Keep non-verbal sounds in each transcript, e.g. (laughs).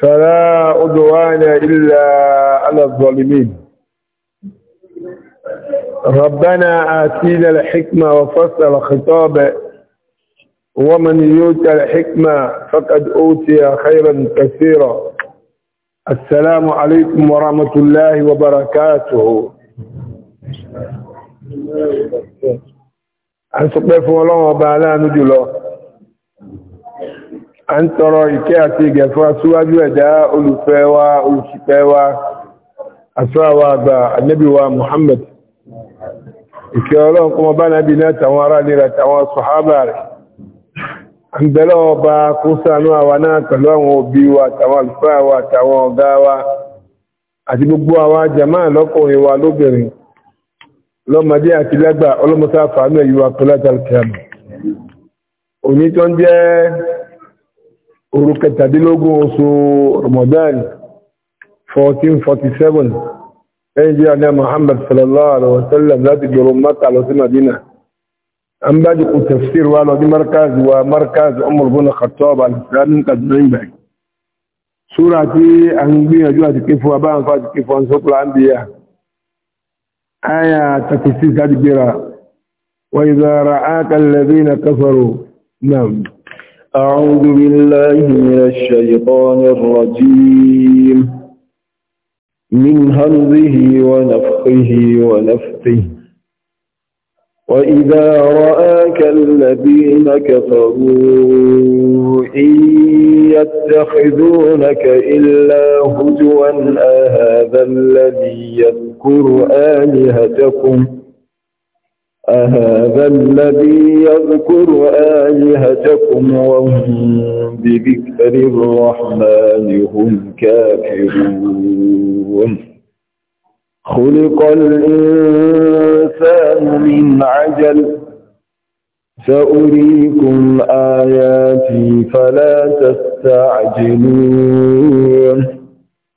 فلا عدوان إلا على الظالمين ربنا آتينا الحكمة وفصل الخطاب ومن يؤتى الحكمة فقد أوتي خيرا كثيرا السلام عليكم ورحمة الله وبركاته ان بفو الله وبعلا نجلو a ń tọrọ ìkẹ́ àti ìgẹ̀ fún aṣíwájú ẹ̀dá olùfẹ́ wa olùṣìpẹ̀ wa aṣíwáwà àgbà wa Muhammad ìkẹ́ ọlọ́run kọmọ bá nábi náà tàwọn ará nira tàwọn sọ̀hábà rẹ̀ ń ọba kó àwa náà pẹ̀lú àwọn òbí wa tàwọn àlùfáà tàwọn ọ̀gá wa àti gbogbo àwa jama lọ́kùnrin wa lóbìnrin lọ́mọdé àti lágbà pẹ̀lú àtàlùkẹ́ àmì ń jẹ́ òru kẹtàdínlógún oṣù Ramadan 1447 ẹ̀yìn jẹ́ àdá Muhammad sallallahu alaihi wasallam láti gbèrò Mẹ́kà lọ sí Madina an bá jù kù tafsir wa lọ ní markaz wa markaz Umar bin Khattab al-islamin آية تكسيس هذه الجراء وإذا رآك الذين كفروا نعم أعوذ بالله من الشيطان الرجيم من همزه ونفخه ونفثه وإذا رآك الذين كفروا إن يتخذونك إلا هجوا أهذا الذي يذكر آلهتكم أهذا الذي يذكر آلهتكم وهم بذكر الرحمن هم كافرون خلق الإنسان من عجل سأريكم آياتي فلا تستعجلون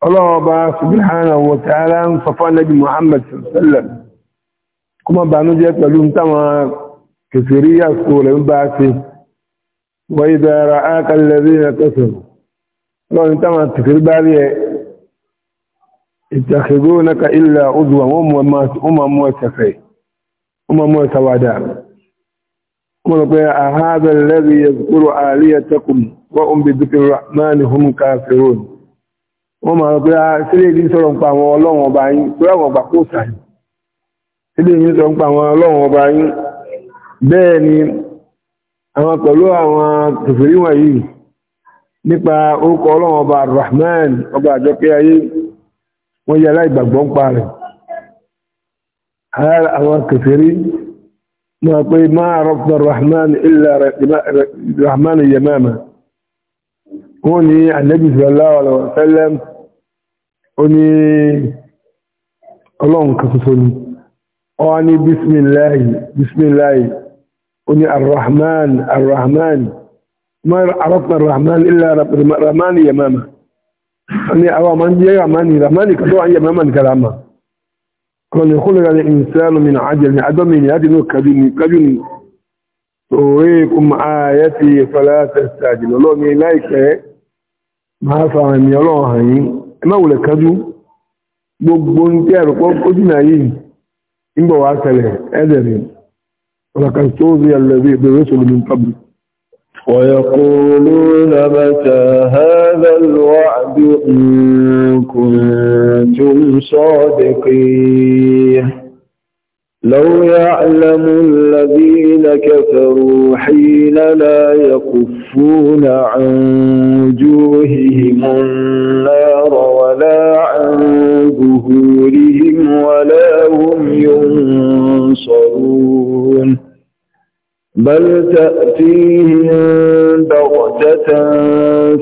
الله سبحانه وتعالى صفى النبي محمد صلى الله عليه وسلم kó má banújẹ́ pẹ̀lú táwọn kẹfìrí àsìkò rẹ̀ ń bá ṣe wọ́n yí dára ákàlẹ̀ rí ẹ̀ kẹsàn-án lọ́rin táwọn kẹfìrí bá rí ẹ ìtàkìrò náà ilẹ̀ òdùwà wọ́n mú ẹ̀sẹ̀fẹ̀ wọ́n mú ẹ̀sàwádà wọ́n kafirun wọ́n máa rọ̀ pé sílẹ̀ ah, ìdí sọ̀rọ̀ pa ọlọ́wọ̀n bá yín pé àwọn kó sàyìn ilé yìí sọ ń pa àwọn ọlọ́run ọba yín bẹ́ẹ̀ ni àwọn pẹ̀lú àwọn kèfèrí wọ̀nyí nípa orúkọ ọlọ́run ọba Rahman ọba àjọkẹ́ ayé wọ́n yẹ aláìgbàgbọ́ ń pa rẹ̀ àwọn kèfèrí máa pé máa rọ́pọ̀ Rahman illa Rahman yamama wọ́n ni Ànábì sallallahu alaihi wasallam ọlọ́run kan ṣoṣo ọwá ní bismillahi bismillahi ó ní arrahman arrahman ma arọ́pùn arrahman ilẹ̀ rahman yamama ó ní àwọn ọmọ jẹ́ rahman rahman kàtọ́ àwọn yamama ní karama kọlu kúlùkà ní ìsẹ́lù min ajẹ́ ní adọ́mì ní láti inú kájú ni sorikum ayati fala tastajilu ọlọ́ni láìpẹ́ máa fa àwọn ènìyàn ọlọ́run hàn إن بواك له أدري ولقد الذي برسل من قبل ويقولون متى هذا الوعد إن كنتم صادقين لو يعلم الذين كفروا حين لا يكفون عن وجوههم النار ولا عن ظهورهم ولا هم ينصرون بل تأتيهم بغتة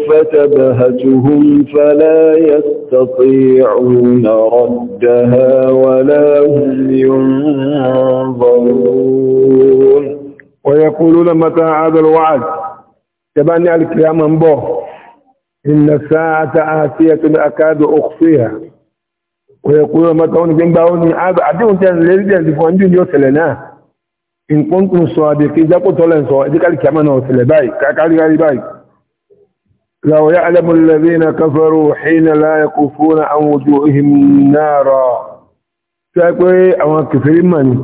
فتبهتهم فلا يستطيعون ردها ولا هم ينظرون ويقولون متى هذا الوعد تبني الكلام من بو إن الساعة آتية أكاد أخفيها ويقول متى ونجنباوني أدعون تنزل فاندون يوصلنا إن كنتم صادقين ذاكو تولن سواء ذيك الكمان وصل باي كاكالي غالي باي لو يعلم الذين كفروا حين لا يقفون عن وجوههم نارا تاكوي أما كفرين ماني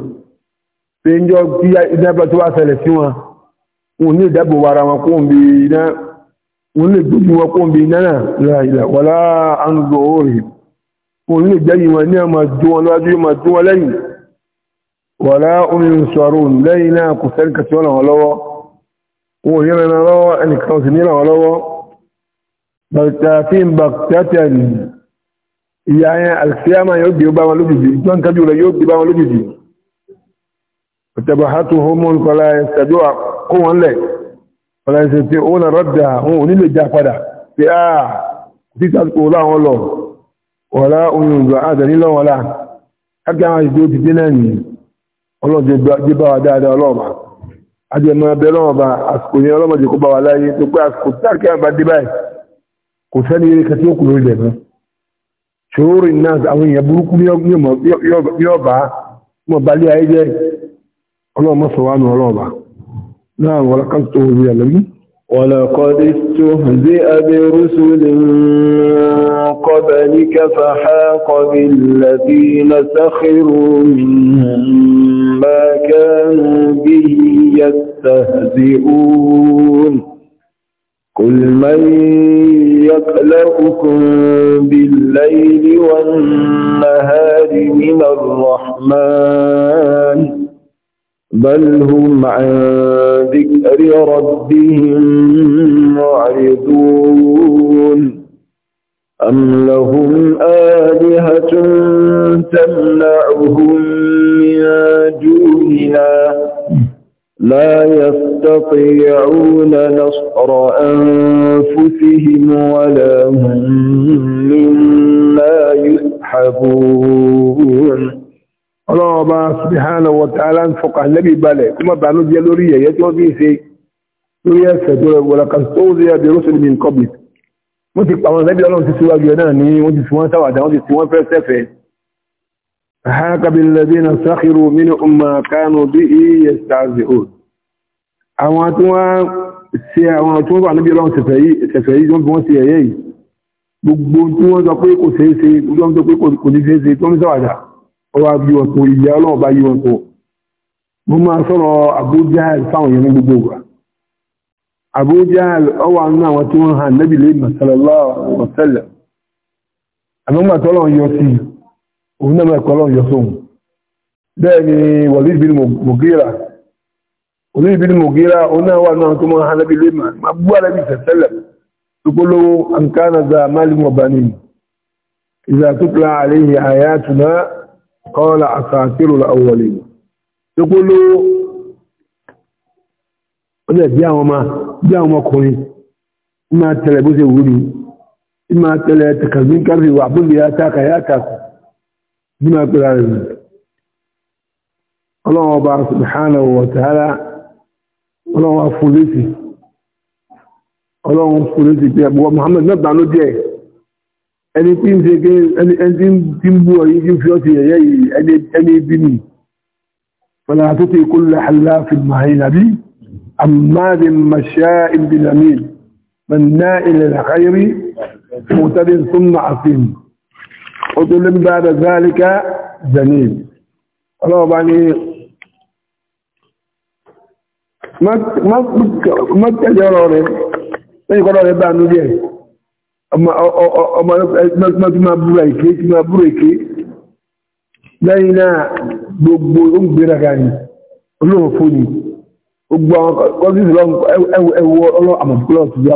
تنجو بيا إذا بتوا سلسوا وني دبوا ورا وقوم بينا وني دبوا وقوم بينا لا إله ولا عن ظهورهم wọn ní ìgbẹ́yìn wọn ní ọmọ jù wọn lọ́wọ́ yóò máa jù wọn lẹ́yìn wọ̀lá omi ń sọ̀rọ̀ lẹ́yìn náà kò sẹ́ni kàtí wọn lọ́wọ́ lọ́wọ́ wọn ò yẹ́ra lọ́wọ́ ẹnìkan sì ní lọ́wọ́ lọ́wọ́ bàtàfin bàtàfin ìyá yẹn alfiyama yóò bí bá wọn lójijì jọ́n kájú rẹ̀ yóò bí wọ́lá oyún a àtẹ̀lé lọ́wọ́lá kákí àwọn ìdí ó ti dé náà nìyí ọlọ́dẹ dé bá wa dáadáa ọlọ́ọ̀bà ajẹmọ ẹbẹ lọ́wọ́ba àsìkò yẹn ọlọ́mọdé kó bá wa láyé tó pé àsìkò táàkì àbá dé báyìí kò sẹ́ni eré kan ó kù lórí rẹ̀ náà náà àwọn èèyàn burúkú yọba mọ̀ balẹ̀ ولقد استهزئ برسل من قبلك فحاق بالذين سخروا منهم ما كانوا به يستهزئون قل من يكلؤكم بالليل والنهار من الرحمن بل هم عن بذكر ربهم معرضون أم لهم آلهة تمنعهم من دوننا لا يستطيعون نصر أنفسهم ولا هم مما يسحبون الله سبحانه وتعالى ta'ala ń fọkàn lẹ́bí balẹ̀ kó má bàánú jẹ́ lórí ẹ̀yẹ́ tí wọ́n fi ń ṣe lórí ẹ̀sẹ̀ tó rẹ̀ wọ̀lá kan tó rí ẹ̀bẹ̀ rọ́sùn ní kọ́bí wọ́n ti pàwọn ẹ̀bẹ̀ ọlọ́run ti síwájú ẹ̀ náà ní wọ́n ti fi wọ́n sáwàdà wọ́n ti fi wọ́n fẹ́ sẹ́fẹ̀ àhákàbílẹ̀dínà sáàkìrò mínú ọmọ kánú bí i yẹ̀sàzì ò àwọn tí wọ́n ṣe àwọn tí wà níbi ọlọ́run sẹ̀fẹ̀ yìí wọ́n ti ẹ̀yẹ́ yìí gbogbo tí wọ́n sọ pé kò Abu Jahl ọwà ní àwọn tí wọ́n hàn Nabi sallallahu alaihi wa sallam àmọ́gbà tọ́lọ̀ yọ sí òun náà mẹ́kọ́lọ̀ yọ sóhun bẹ́ẹ̀ ni Walid bin Mughira Walid bin Mughira òun náà wà náà tó mọ́ hàn Nabi ma bú Nabi sallallahu tukolowo an kana za malin wa banin idza ó dẹ̀ bí àwọn ọmọ bí àwọn ọmọkùnrin ma tẹ̀lé bó ṣe wúrí ma tẹ̀lé tẹ̀kàzínkárì wà bóbi àtàkà yàtàkù bí ma pẹ̀lá rẹ̀ rẹ̀ ọlọ́wọ́ bá subhanahu wa ta'ala ọlọ́wọ́ fúlẹ́sì ọlọ́wọ́ fúlẹ́sì pé àbúwọ́ Muhammad náà bá ló jẹ́ ẹni tí ń ṣe kí ẹni tí ń bú ọ̀yí tí ń fi ọ́ ti yẹ̀yẹ́ yìí ẹni bí ni fọlá tó ti kó lọ́hàlá fi màáyìn àbí عماد مشاء من مناء للخير مهتد ثم عصيم عدل بعد ذلك زميل الله يعني ما ما ما تجارة ولا تيجي كلام يبان نجيه أما أما ما ما ما بريكي ما بريكي لينا بقول أم بركاني له فني gbogbo àwọn kọ́sí ìlọ́run ọlọ́ àmọ̀tíkọ́lọ́ ti yá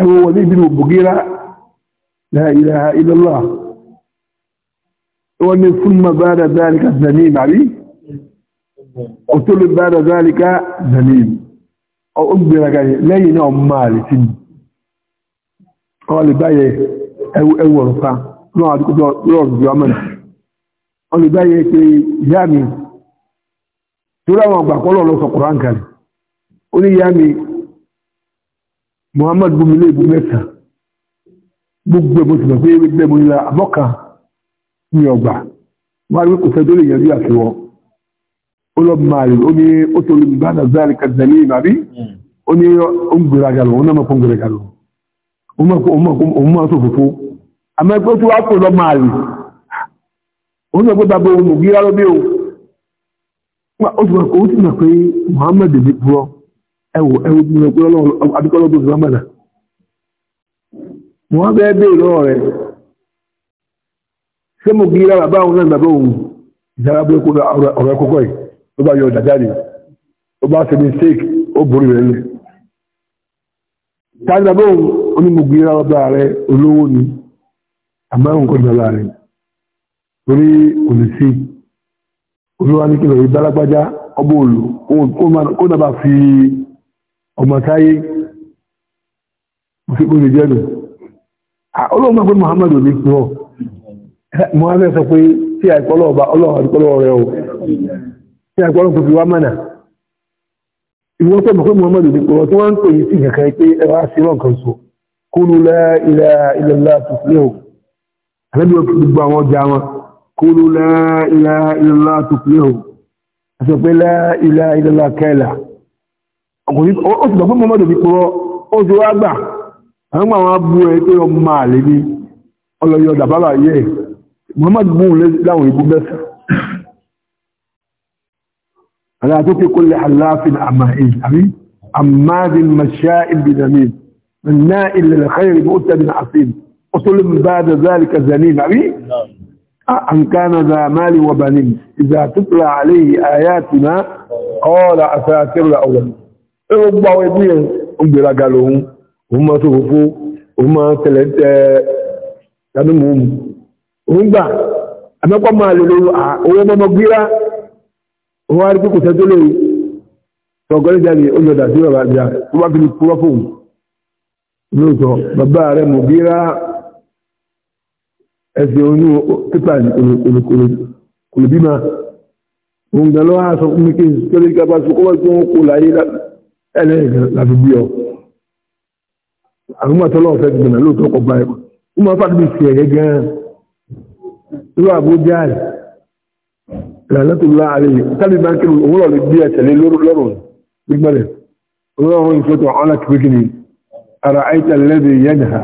ẹwọ wọlé ìbínú ilẹ̀ ilọ́lọ́ fún ma bá bá lẹ́yìn náà sí àdúgbò torí àwọn àgbà kọ́lọ̀ lọ sọ Kùránì kalẹ̀ ó ní yá mi Muhammad bumi lé ìbú mẹ́ta gbogbo ẹ̀bùn ti bẹ̀rẹ̀ pé bẹ́ẹ̀ mo nílá àbọ́ka ní ọgbà wọ́n rí kò fẹ́ tó lè yẹn bí àfiwọ́ ó lọ máa rí ó ní ó tó lè bá nàzárì kàdàlí ìmàbí ó ní ó ń gbèrè àgàlù ó náà mọ̀ fún gbèrè àgàlù ó máa tó fòfó àmọ́ ẹgbẹ́ tó wá kò lọ máa rí ó ní ọgbẹ́ ó ti mọ̀ na Muhammad ní púrọ́ ẹwọ ẹwọ gbogbo ẹgbẹ́ adúgbọ́lọ́ tó ti wá mọ̀nà wọ́n bẹ́ẹ̀ rẹ̀ mo bàbá òun ìsára bí kó ọ̀rọ̀ ẹ̀kọ́kọ́ yìí yọ ọ̀dà jáde bá ṣe mistake ó mo ni olúwa ní kí lórí dálágbájá ọmọ òlù kó nàbà fi ọmọ táyé fi kó lè jẹ́nu olóòmọ́ pé Muhammad ò ní pín ọ Muhammad sọ pé tí àìkọ́lọ̀ ọba ọlọ́wọ́ àdúkọ́lọ́ rẹ o tí àìkọ́lọ̀ tó fi wá mọ̀nà ìwọ́n tó mọ̀ pé Muhammad ò ní pín ọ tí wọ́n ń pè yí sí kankan pé ẹ wá sí wọn kan so kúlù la ilaha illallah tó fi lé o àlẹ́bí gbogbo àwọn ọjà wọn قولوا لا إله إلا الله تفلحوا أسوأ لا إله إلا الله كلا أسوأ فهم ماذا بيقولوا أسوأ أبا أما ما أبوه يقولوا ما لدي الله يودع بابا يه محمد بو لهم يقول بس ألا تطي كل حلاف أمائي أمين عماد مشاء بنميم نائل للخير بؤتة بن عصيم من بعد ذلك زنين أمين نعم أن كان ذا مال وبنين إذا تتلى عليه آياتنا قال أساتر الأولين gbogbo àwọn ẹbí yẹn ń gbéraga lòun òun máa tó fòfó òun máa tẹ̀lẹ̀ tẹ́ ṣàdúmù òun òun gbà àmẹ́kọ́ máa lè lo owó mọ́mọ́ gbíra òun wá rí pé kò tẹ́ tó lè tọ̀gọ́lé jáde ó lọ dà sí bàbá àjà tó bá fi kúrọ́ fóun lóòótọ́ bàbá rẹ̀ mọ̀ gbíra ẹsẹ̀ onú pípà olùbímọ òun gan lọ́wọ́ aṣọ fún mi kí n tẹ́lẹ̀ ìjọba sọ kọ́wọ́ tí wọ́n kó láyé ẹlẹ́yìn láti bí ọ àwọn àtọ́lọ́ ọ̀fẹ́ gbọ̀nà lóòótọ́ kọ gba ẹ̀kọ́ ó máa fàdúbì sí ẹ̀yẹ gan irú àbújá rẹ̀ ìlànà tó láàrin tábí bá ń kí òun lọ́ọ̀lẹ́ bí ẹ̀tẹ̀lé lọ́rùn gbígbọ́n rẹ̀ ọlọ́run ìṣòtò ọ̀nà kìkìkì ni ara àìtẹ̀lẹ́bẹ̀ yẹn ha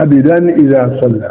àbìdá ní ìlà sọ̀lá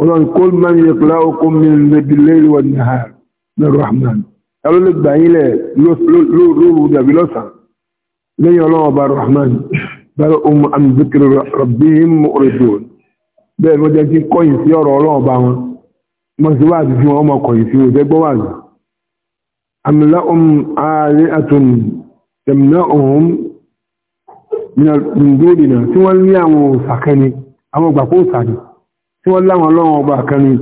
ọlọ́run kol man yaqla'ukum min bil-layli wan-nahar rahman ẹlò lè gbà yín lẹ̀ lóru dàbí lọ́sàn lẹ́yìn ọlọ́run ọba rahman bal hum an dhikri rabbihim mu'ridun bẹ́ẹ̀ ni wọ́n jẹ́ kí kọ́yìn sí ọ̀rọ̀ ọlọ́run ọba wọn wọ́n sì wáàzì fún ọmọ kọ̀yìn sí òjẹ́ gbọ́ wáàzì am tí wọ́n láwọn ọlọ́run ọba kan ni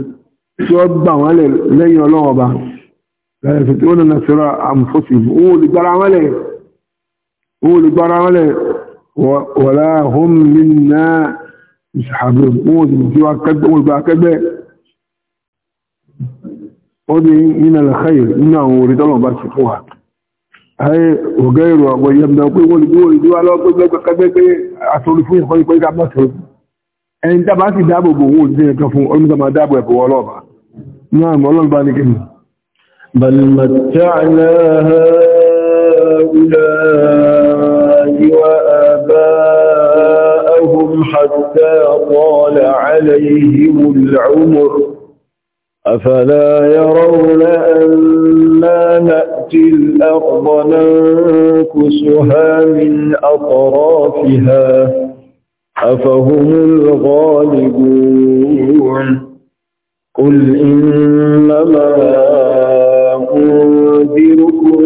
tí wọ́n gbà wọ́n lẹ̀ lẹ́yìn ọlọ́run ọba lẹ́yìn fi tí wọ́n nana sọ́rọ̀ àmúfọ́sì owó olùgbára wọn lẹ̀ owó olùgbára wọn lẹ̀ wọ̀lá hum minna ìṣàbí owó olùgbé akẹgbẹ́ ó ní nínú àlàkáyè nínú àwọn orí tọ́lọ̀ bá ti fún wa ayé ọ̀gá èrò àwọn ìyẹ́mdà pé wọ́n olùgbé olùgbé wa lọ́wọ́ pé fún ìkọ́ ìkọ́ ìkà ẹni dábà sì dáàbò bò wọ́n òdìdí ẹ̀kan fún ọdún tàbí dáàbò ẹ̀bọ̀ ọlọ́ọ̀bá náà mọ́ ọlọ́ọ̀bá ní kìí balmata'na ha'ula'i wa aba'ahum hatta tala 'alayhimul 'umr أفلا يرون أنا نأتي الأرض ننكسها من أطرافها أفهم الغالبون قل إنما أنذركم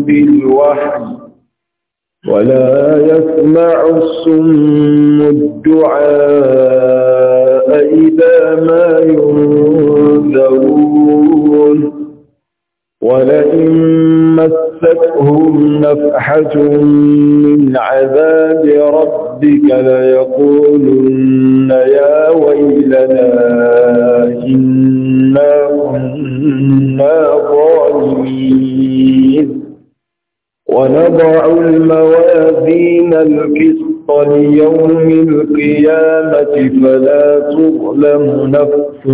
بالوحي ولا يسمع الصم الدعاء إذا ما ينذرون ولئن مستهم نفحة من عذاب ربك ليقولن يا ويلنا إنا كنا ظالمين ونضع الموازين القسط ليوم القيامة فلا تظلم نفس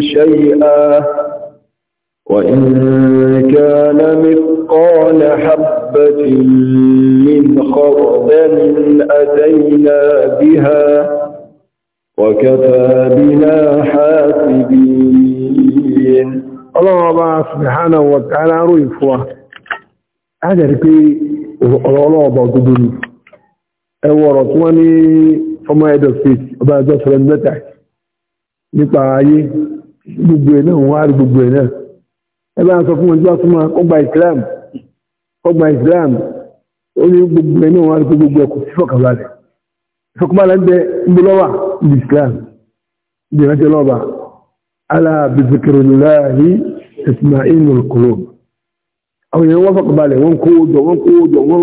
شيئا وإن كان مثقال حبة من خردل أتينا بها وكفى بنا حاسبين الله الله سبحانه وتعالى رفوة أجر كي الله بقدر أورا طواني فما فيك بعد زفر النتح نطعي ببينه وعلي ببينه ẹgbẹ́ àwọn sọ fún wọn tí wọ́n súnmọ́ ọgbà Islam ọgbà Islam ó ní gbogbo ẹ̀ náà wọ́n á rí pé gbogbo ẹ̀kọ́ sí fọkànbalẹ̀ fọkànbalẹ̀ ń bẹ ibi lọ́wà ibi Islam ibi ìrántí ọlọ́ọ̀bà ala bi zikrillahi ismailul qulub àwọn èèyàn wọ́n fọkànbalẹ̀ wọ́n kó jọ wọ́n kó jọ wọ́n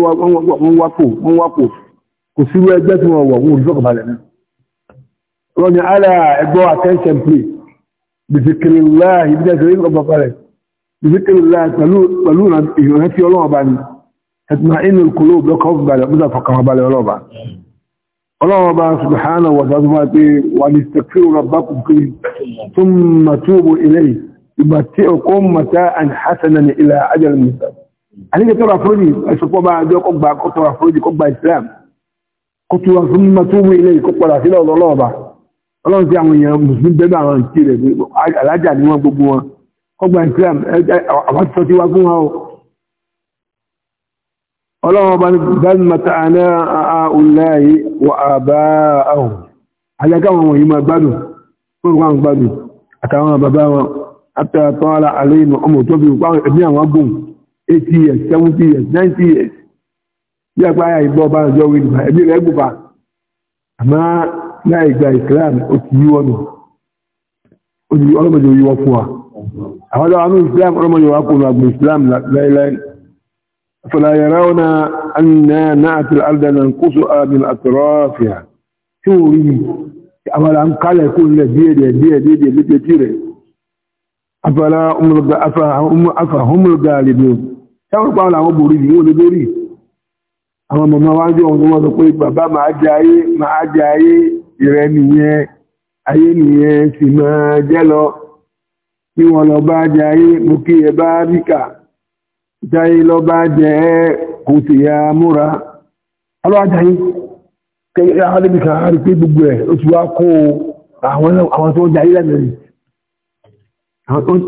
wápò wọ́n wápò kò sí irú ẹgbẹ́ tí wọ́n wọ̀ wọ́n olùfọkànbalẹ̀ náà wọ́n ni ala ẹgbọ́ attention please bi zikrillahi ibi بذكر الله تلونا يهتي ولوما بان تطمئن القلوب لك خوف بالي مدى فقه بالي ولوما ولوما سبحانه وتعالى ولستكفروا ربكم كله ثم توبوا إليه يمتعكم متاعا حسنا إلى أجل مثال عليك ترى فرجي أشكوا بعد يقبع قطر فرجي قبع إسلام قطر ثم توبوا إليه قطر أسئلة ولوما ọlọ́run tí àwọn èèyàn mùsùlùmí bẹ́ẹ̀ àwọn ìkí rẹ̀ alájà ni wọ́n gbogbo wọn ọgbà islam àwọn tó ti wá fún wa o ọlọ́wọ́ bá ní bẹ́lmata àná àáúláyé wà àbá ahùn alágáwọn wọ̀nyí ma gbádùn fún wọn gbádùn àtàwọn bàbá wọn àtàtọ́ ara àlẹ́yìnà ọmọ tó bí wọ́n ẹ̀mí àwọn agbóhùn 80 years 70 years 90 years bí agbáyà ìgbọ́ bá jọ wí nípa ẹ̀mí rẹ̀ gbùbà àmá láì gba islam ó ti yí wọ́n nù ó ti ọlọ́mọdé yí wọ́n fún wa àwọn ọlọ́wọ́ àwọn islam ọmọ yóò wá kò lọ àgbò islam láìláì fọlá yàrá wọn na anna náà ti alda na kóso abin atrofia tí ó rí àwọn ọlọ́wọ́ kálẹ̀ kó lẹ̀ díẹ̀ díẹ̀ díẹ̀ lẹ́tẹ̀ tí rẹ̀ afẹ́lá ọmọlọ́gbà àlejò táwọn pa àwọn borí ni wọ́n lè borí àwọn mọ̀mọ́ wá jọ wọn wọ́n pé bàbá máa jẹ ayé máa jẹ ayé ìrẹ́ nìyẹn ayé nìyẹn sì máa jẹ́ lọ bí wọ́n lọ bá jẹ ayé mú kí ẹ bá jáyé lọ bá jẹ ẹ́ kò sì ya múra alájáyé kẹ́yẹ́ rí pé gbogbo ẹ̀ ó ti wá kó àwọn tó jẹ ayé lẹ́mẹ̀rin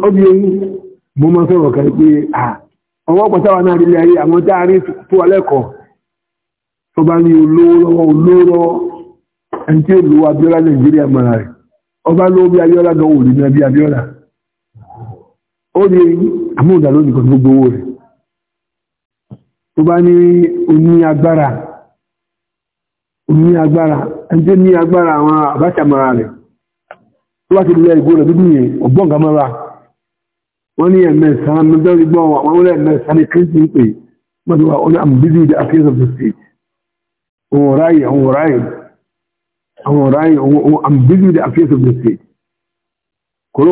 ó bí mo máa sọ̀rọ̀ kẹ́rì pé náà ayé àwọn tá a rí fún alẹ́kọ̀ọ́ tó bá ní ẹni tí ó Nàìjíríà rẹ̀ ọba bí gan òòlù ní ó lè àmúdà lónìí kan gbogbo owó rẹ̀ tó bá ní oní agbára oní agbára ẹjẹ́ ní agbára àwọn àbáṣàmọ́ra rẹ̀ tó bá ti lè ìgbó rẹ̀ dúdú yẹn ọgbọ́n gamara wọ́n ní ẹ̀mẹ́sàn-án mẹ́jọ́ ìgbọ́ àwọn ẹ̀mẹ́sàn-án ní kírísì ń pè mọ́tò wà ó ní I'm the affairs of the state òun ráyè òun the affairs of the state kò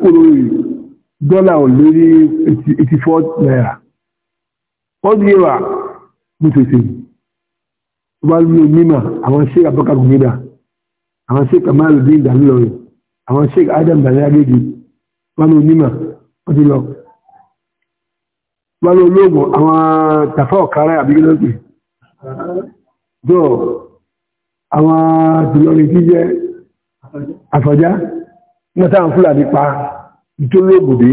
kó yìí dọ́là ò lórí 84 naira ọdún yíwa ní tòsí wọ́n ní onímọ̀ àwọn sheik abubakar gomina àwọn sheik amaludin dalilọrin àwọn sheik adam dalilagégi wọ́n ní onímọ̀ wọ́n ti lọ wọ́n ní olóògùn àwọn tàfà ọ̀kára àbígbélọ́pì tó àwọn tìlọrin tí jẹ́ àfọ̀já mọ́tà fúlàní pa jólógbòdé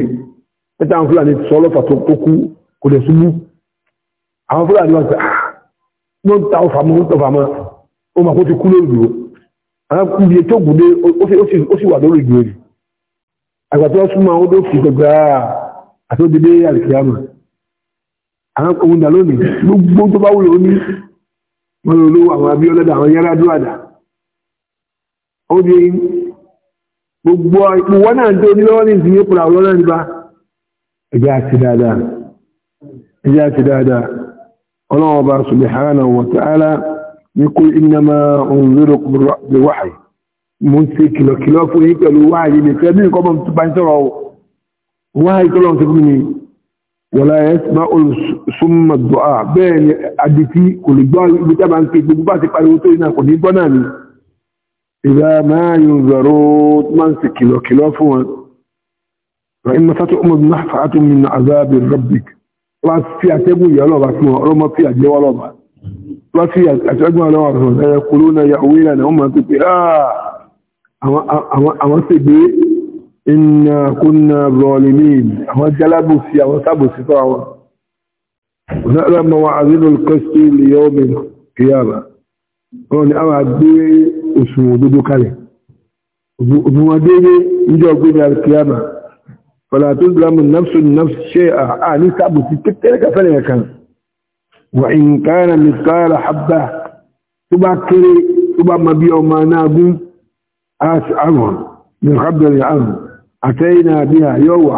níta àwọn fúlàní sọlọ́fà tó kú kò lè súnmú àwọn fúlàní wọn sọ ah ló ń ta ọfà mọ́ ọfà mọ́ ó mà kó ti kú lórí ìdúró àwọn kúbi ètò ògùnlé ó sì wà lórí ìdúró ni àgbà tí wọ́n súnmọ́ àwọn odò fi gbẹgbẹ àti òdìdé àlìkìyàmù àwọn ohun dà lónìí gbogbo tó bá wúlò ó ní wọn lò lówó àwọn abíọ́lẹ́dà àwọn yàrá dúràdà ó di gbogbo ipò wọ́n náà tó ní lọ́wọ́ ní ìsinmi kùnà àwọn náà nípa ẹjá ti dáadáa ẹjá ti dáadáa ọlọ́wọ́ bá subhanahu wa ta'ala ní kó innama unzirukum bi wahyi mo ń ṣe kìlọ̀kìlọ̀ fún yín pẹ̀lú wáyé ní fẹ́ bí nǹkan bọ́ ti bá ń tó bá ń ké إذا ما ينذرون من سكيلو كيلو فون فإما ستؤمن نحفعة من عذاب ربك لا في يا لوبا اسمه رمى في أجلوا لوبا لا تتعتبوا لوبا يقولون يأويلنا هم تقول آه أما أما أما سبي إن كنا ظالمين أما جلبوا سيا وسبوا سيطاوا ونألم وعذل القسط ليوم القيامة wọ́n ni àwọn agbé òṣùwọ̀n òdodo kalẹ̀ òṣùwọ̀n déédé ìjọ ọgbẹ́ni alkiyama fọ́lá tó gbàmù nafsun nafsun ṣe à ní sábùsí kékeré kafẹ́lẹ̀ kan wà ń kára ní kára habba tó bá kéré tó bá ma bí ọmọ náà gún àwọn ní habdari àrùn àtẹ́yìnà bí a yóò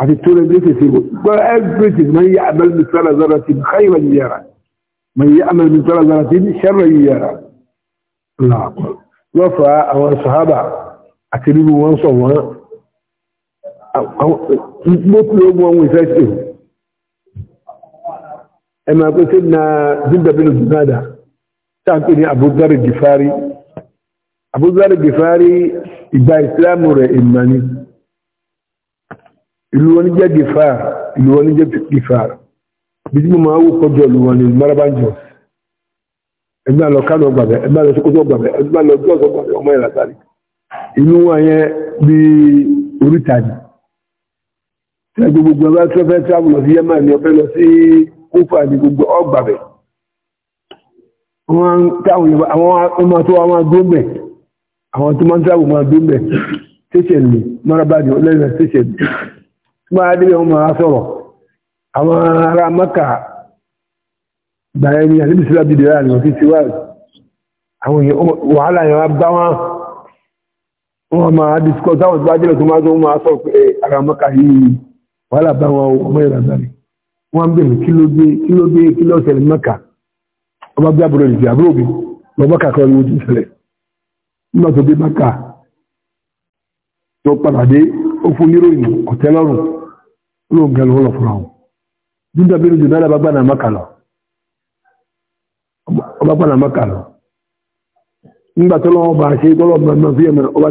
أتتولى ذلك سيبو قال أبريتك من يعمل من ثلاث ذرات خيرا يرى من يعمل من ثلاث ذرات شرا يرى لا أقول وفاء أو أصحابة أتنبوا وانصوا مطلوب ومساسه أما قلت إن زند بن الزنادة تعطيني أبو الدار الجفاري أبو الدار الجفاري إبا إسلام رئيماني ìlú wọn jẹ́ gifar ìlú wọn jẹ́ gifar bí tí mo máa wò kọjọ ìlú wọn ni marabanjọ ẹgbẹ́ àlọ́ kánò gbàgbẹ́ ẹgbẹ́ àlọ́ sokoto gbàgbẹ́ ẹgbẹ́ àlọ́ jọ́sọ gbàgbẹ́ ọmọ ìlà sáré ìlú wọn yẹn bí oríta ni ẹgbẹ́ gbogbo ẹgbẹ́ tí wọ́n fẹ́ travel o sí yẹ́mà ni wọ́n fẹ́ lọ sí kófà ní gbogbo o wọ́n táwọn àwọn ọmọ tó wà máa dó mẹ́ àwọn tó máa ń travel máa dó mẹ́ tẹ̀sẹ̀ ni marabani ọlẹ́yìn tẹ̀sẹ̀ ni máa dé wọn máa sọ̀rọ̀ àwọn ará maka gbàyẹ ni àti bísí lábìdì rà ní ọ̀fíìsì wà àwọn wàhálà yẹn bá wọn wọn máa discuss àwọn ìgbà jẹ́lẹ̀ tó máa tó máa sọ pé ará maka yìí wàhálà bá wọn ọmọ ìrànlá rẹ̀ wọ́n ń bèèrè kí ló dé kí ló dé kí ló ṣẹlẹ̀ maka ọba bí àbúrò ìdí àbúrò mi lọ́bọ́ kàkọ́ ó fún níròyìn ọ̀tẹ́ lọ́rùn olóhùn gẹ̀lú ọlọ́ fúnra wọn dídá bí ojú náà bá gbàdá mọ́kà lọ ọba gbàdá mọ́kà lọ nígbà tó lọ́wọ́ bá ṣe fi ọba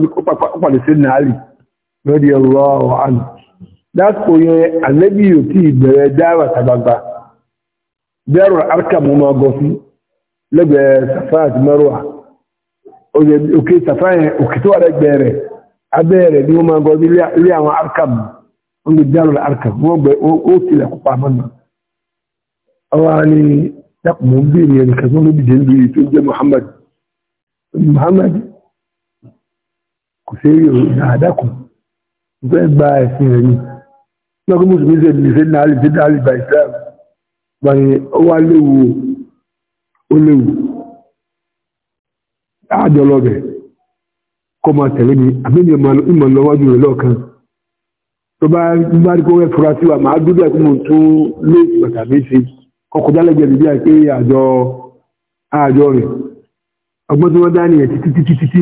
ní ọpàdé sí lọ́dí ọlọ́ yóò tí ì bẹ̀rẹ̀ tàgbàgbà lẹ́gbẹ̀ẹ́ òkè abẹ́rẹ̀ ni wọ́n máa gọ́ ní ilé àwọn arkab wọ́n lè dárò lọ arkab wọ́n gbẹ ó tilẹ̀ kópa mọ́nà ọwọ́ ni dákùnmọ́ bèèrè ẹni kẹsàn-án ló dìde níbi tó jẹ́ Muhammad Muhammad kò sí rí òun àdákùn fẹ́ gba ẹ̀sìn rẹ̀ ni lọ́kọ́ mùsùlùmí ṣe lè ṣe náà lè ṣe náà lè gba Islam wọ́n ni ó léwu ó léwu àjọ lọ kó máa tẹ̀lé mi àbí mi ìmọ̀ lọ́wọ́jú rẹ̀ lọ́ọ̀kan tó bá bá rí kó wẹ́ fura sí wa máa dúdú ẹ̀kú mo tún lé bàtà mi ṣe ọkọ̀ dálẹ́jẹ̀ níbi àìpé àjọ àjọ rẹ̀ ọgbọ́n tí wọ́n dá nìyẹn títí títí títí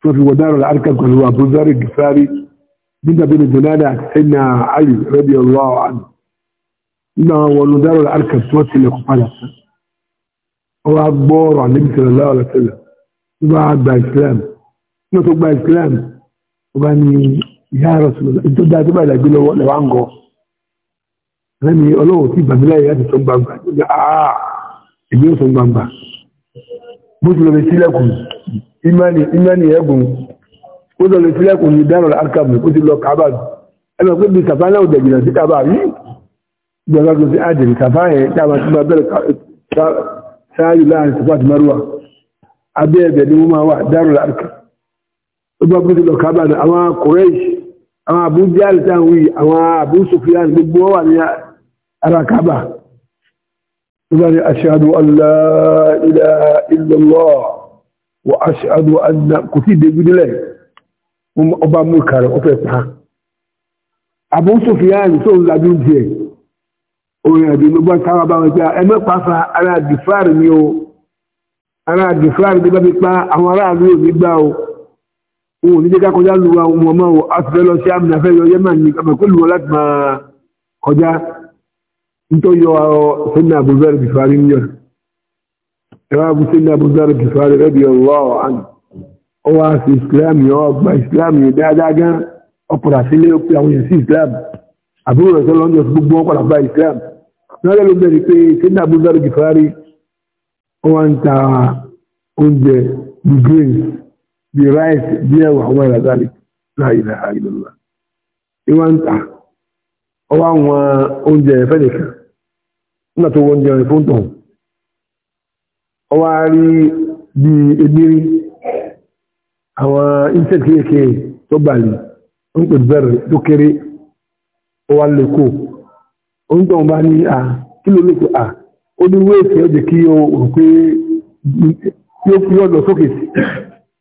tó fi wọ́n dárò láàrínkà pẹ̀lú àbúzárì gifari nígbà bí jùlọ́dà àti sẹ́nà àlì rẹ́bí ọlọ́ àmì nígbà wọn dárò láàrínkà tí wọ́n tilẹ̀ kó padà sí ọwọ́ agbọ́ọ̀rọ̀ àníbi sọ̀rọ̀ láwọ̀ lọ́sẹ̀lẹ̀ nígbà àgbà ìsìlẹ̀mù ní tó gba Islam ó bá ní ìyá Rasulullah tó dáa tó bá ìlàgbé lọ́wọ́ lẹ́wà ń gọ lẹ́ni ọlọ́wọ́ tí bàmíláyé láti tó gbangba tó gbà áà èmi ò tó gbangba bó ti lọ lè sílẹ̀kùn imani imani ẹ̀gùn ó lọ lè sílẹ̀kùn ní dáná alkamu ó ti lọ kábà ẹgbẹ́ pé bí ni wọ́n máa gbogbo agbóti lọ kábà ní àwọn kùrẹ́ṣì àwọn Abu Jahl táwọn yìí àwọn Abu Sufyan gbogbo wọn wà ní ara kábà nígbà ní ashhadu an la ilaha illallah wa ashhadu anna kò sí ìdébí nílẹ̀ ọba mú ìkàrẹ̀ ó fẹ́ pa Abu Sufyan tó ń lajú díẹ̀ orin àbí ló bá bá wọn pé ẹ mẹ́pa ara dìfáàrì ni o ara dìfáàrì ni bá àwọn aráàlú ò ní gbá o òun níjẹ́ ká kọjá lu àwọn ọmọ wọn afẹ́ lọ sí àmì afẹ́ lọ yẹ́mà ní àmọ̀kó lu wọn láti máa kọjá nítorí yọ ọ sẹ́ni àbúzárì bìfàrí ń yọ ẹ̀rọ àbú sẹ́ni àbúzárì bìfàrí rẹ́bì ọ̀rọ̀ àná ó wá sí islam yọ ọgbà islam yìí dáadáa gan ọkùnrin àti ilé òkè àwọn èèyàn sí islam àbúrò rẹ̀ sọ́lọ́ ọjọ́ gbogbo wọn padà براية بها وحوالى ذلك لا إله إلا الله ìwà ń tà ọwọ́ àwọn oúnjẹ ẹ̀fẹ́ nìkan nígbà tó wọ́n jẹun fún tọ̀hún ọwọ́ a rí bí ebírí àwọn insect kéèké tó bàlì ń pè bẹ̀rẹ̀ tó kéré ọwọ́ lẹ́kọ̀ọ́ oún tọ̀hún bá ní à kí ló lẹ́kọ̀ọ́ à ó ní wéèkì ọjọ́ kí ó rò pé yóò lọ sókè sí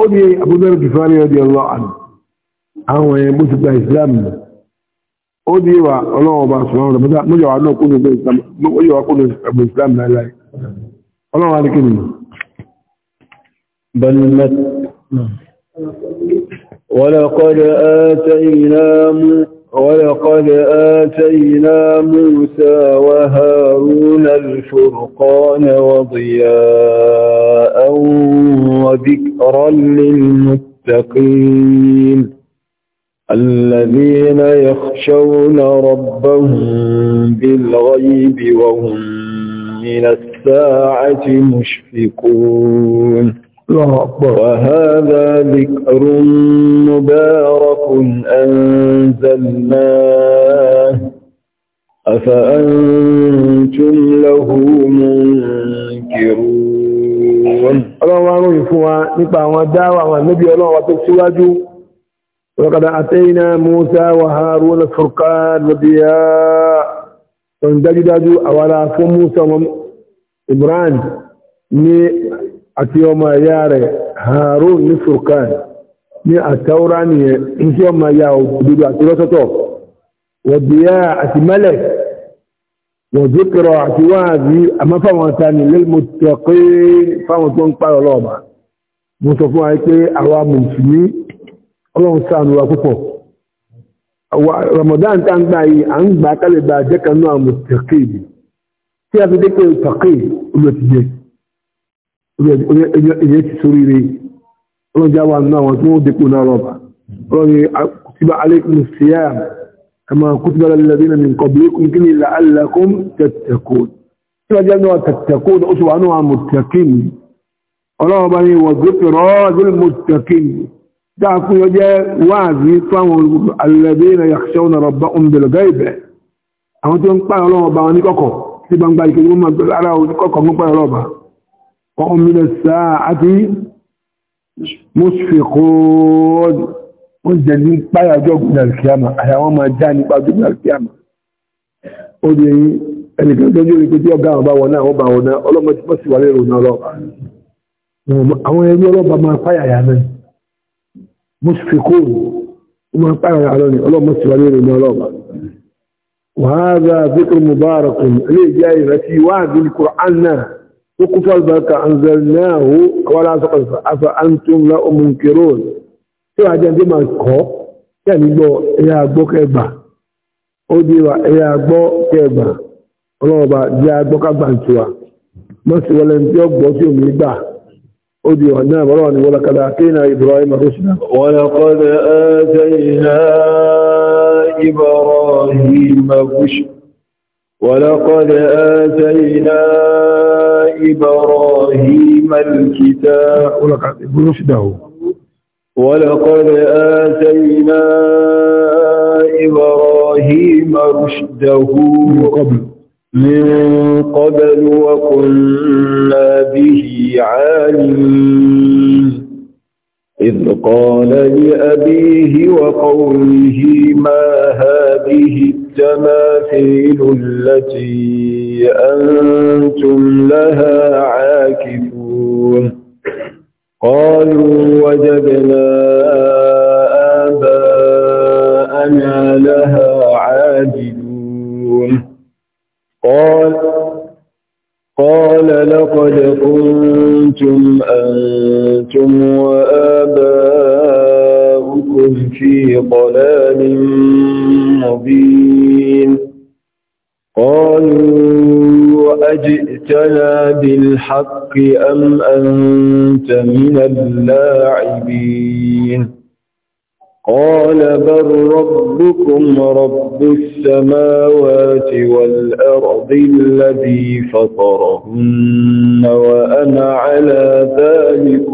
ó ní abúlé kìfàrí ọdí ọlọ́ àmì àwọn ẹ̀ mú ti gba ìsìlámù ó ní wà ọlọ́wọ́ bá sọ̀rọ̀ rẹ̀ mọ́ta mọ́jọ wà náà kúrò ẹgbẹ̀ ìsìlámù láìláì ọlọ́wọ́ ولقد آتينا موسى ولقد آتينا موسى وهارون الفرقان وضياء وذكرا للمتقين الذين يخشون ربهم بالغيب وهم من الساعة مشفقون وهذا ذكر مبارك أنزلناه أفأنتم له منكرون الله wa ròyìn fún wa nípa àwọn dáwà أتينا موسى وهارون الفرقان وضياء وندجدج أولا فموسى وإبراهيم àti ọmọ ẹ̀yà rẹ̀ Harun ní Furkan ní àtàwọ́rá nìyẹn iṣẹ́ ọmọ ẹ̀yà òdòdó àti lọ́sọ́tọ̀ wọ̀dìyà àti mẹ́lẹ̀ wọ̀dìkọ̀rọ̀ àti wáàzí àmáfàwọn ta ní lẹ́lmọ̀tẹ̀kọ́ fáwọn tó ń pààrọ̀ lọ́ọ̀bà mo sọ fún wa pé àwa a fi dé pé tọ́kì olùtìjẹ́ ẹ̀yẹ ti sórí rẹ̀ ọlọ́jà wà nínú àwọn tí wọ́n dépò náà rọ̀bà ọlọ́ni kùtìbà alaykum siyam kama kùtìbà lalladhina min qablikum kí ni la'allakum tattaqun tí wọ́n jẹ́ náà tattaqun ó sì wà nínú àwọn muttaqin ọlọ́wọ́ bá ní wọ́n gbẹ́pẹ̀rọ́ lórí muttaqin dákun yóò jẹ́ wáàzí وهم من الساعة مشفقون oúnjẹ ní páyà ọjọ́ ògùn alkiyama àyà wọn máa já nípa ọjọ́ ògùn alkiyama ó di ẹnìkan tó ń jẹ́ ìpé tí ọgá àwọn bá wọn náà wọ́n bá wọn náà ọlọ́mọ tí wọ́n sì wà lérò náà lọ́wọ́ àwọn ẹni ọlọ́ba máa páyà yà náà mo sì fi kó o máa páyà yà lọ́ni ọlọ́mọ sì wà lérò náà lọ́wọ́ wàhálà zikr mubarakun ilé ìjẹ́ ìrántí wáàdì ní Qur'an náà وكفى البركة أنزلناه ولا سقط أفأنتم لا منكرون tí wàá jẹ́ ndé máa kọ́ tẹ̀lé gbọ́ ẹ̀yà gbọ́ kẹgbà ó di wa ẹ̀yà gbọ́ kẹgbà ọlọ́wọ́ bá jẹ́ agbọ́ kágbà ń tiwa mọ́sí wọlé ní ọgbọ́ tí omi gbà ó di wa náà ọlọ́wọ́ ni wọlé kadà kí náà Ibrahim rúṣìlá. wọ́n kọ́ ẹ̀ ẹ́ sẹ́yìn náà Ibrahim rúṣìlá. ولقد آتينا إبراهيم الكتاب رشده ولقد آتينا إبراهيم رشده من قبل من قبل وكنا به عالمين إذ قال لأبيه وقومه ما هذه التماثيل التي أنتم لها عاكفون قالوا وجدنا آباءنا لها عابدون قال قال لقد كنت جئتنا بالحق أم أنت من اللاعبين قال بل ربكم رب السماوات والأرض الذي فطرهن وأنا على ذلك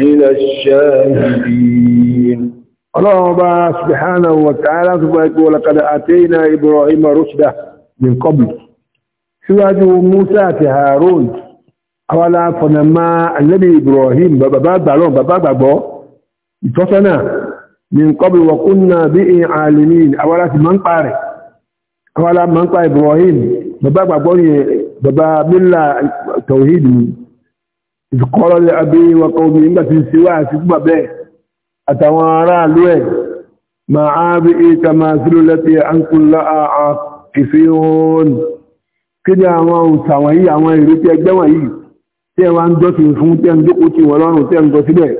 من الشاهدين الله سبحانه وتعالى يقول ولقد آتينا إبراهيم رشده من قبل síwájú Musa àti Harun awala fọ̀nàmà alẹ́bí Ibrahim bàbá gbàlọ́ bàbá gbàgbọ́ ìtọ́sọ́nà ní kọ́bí wọ̀kúnnà bí i alimin awala ti máa ń pa rẹ̀ awala máa ń pa Ibrahim bàbá gbàgbọ́ ni bàbá mílà tawhid ni ìfikọ́rọ̀ lè abí wakọ̀ omi nígbà tí ń àti fún àtàwọn aráàlú ẹ̀ máa bí i kàmá sílò lẹ́tì àǹkùnlá àkìfihàn kí ni àwọn òòṣà wọ̀nyí àwọn ìrètí ẹgbẹ́ wọ̀nyí tí ẹ wá ń jọ́sìn fún tẹ́ ń jókòó tí wọ́n lọ́rùn tẹ́ ń jọ síbẹ̀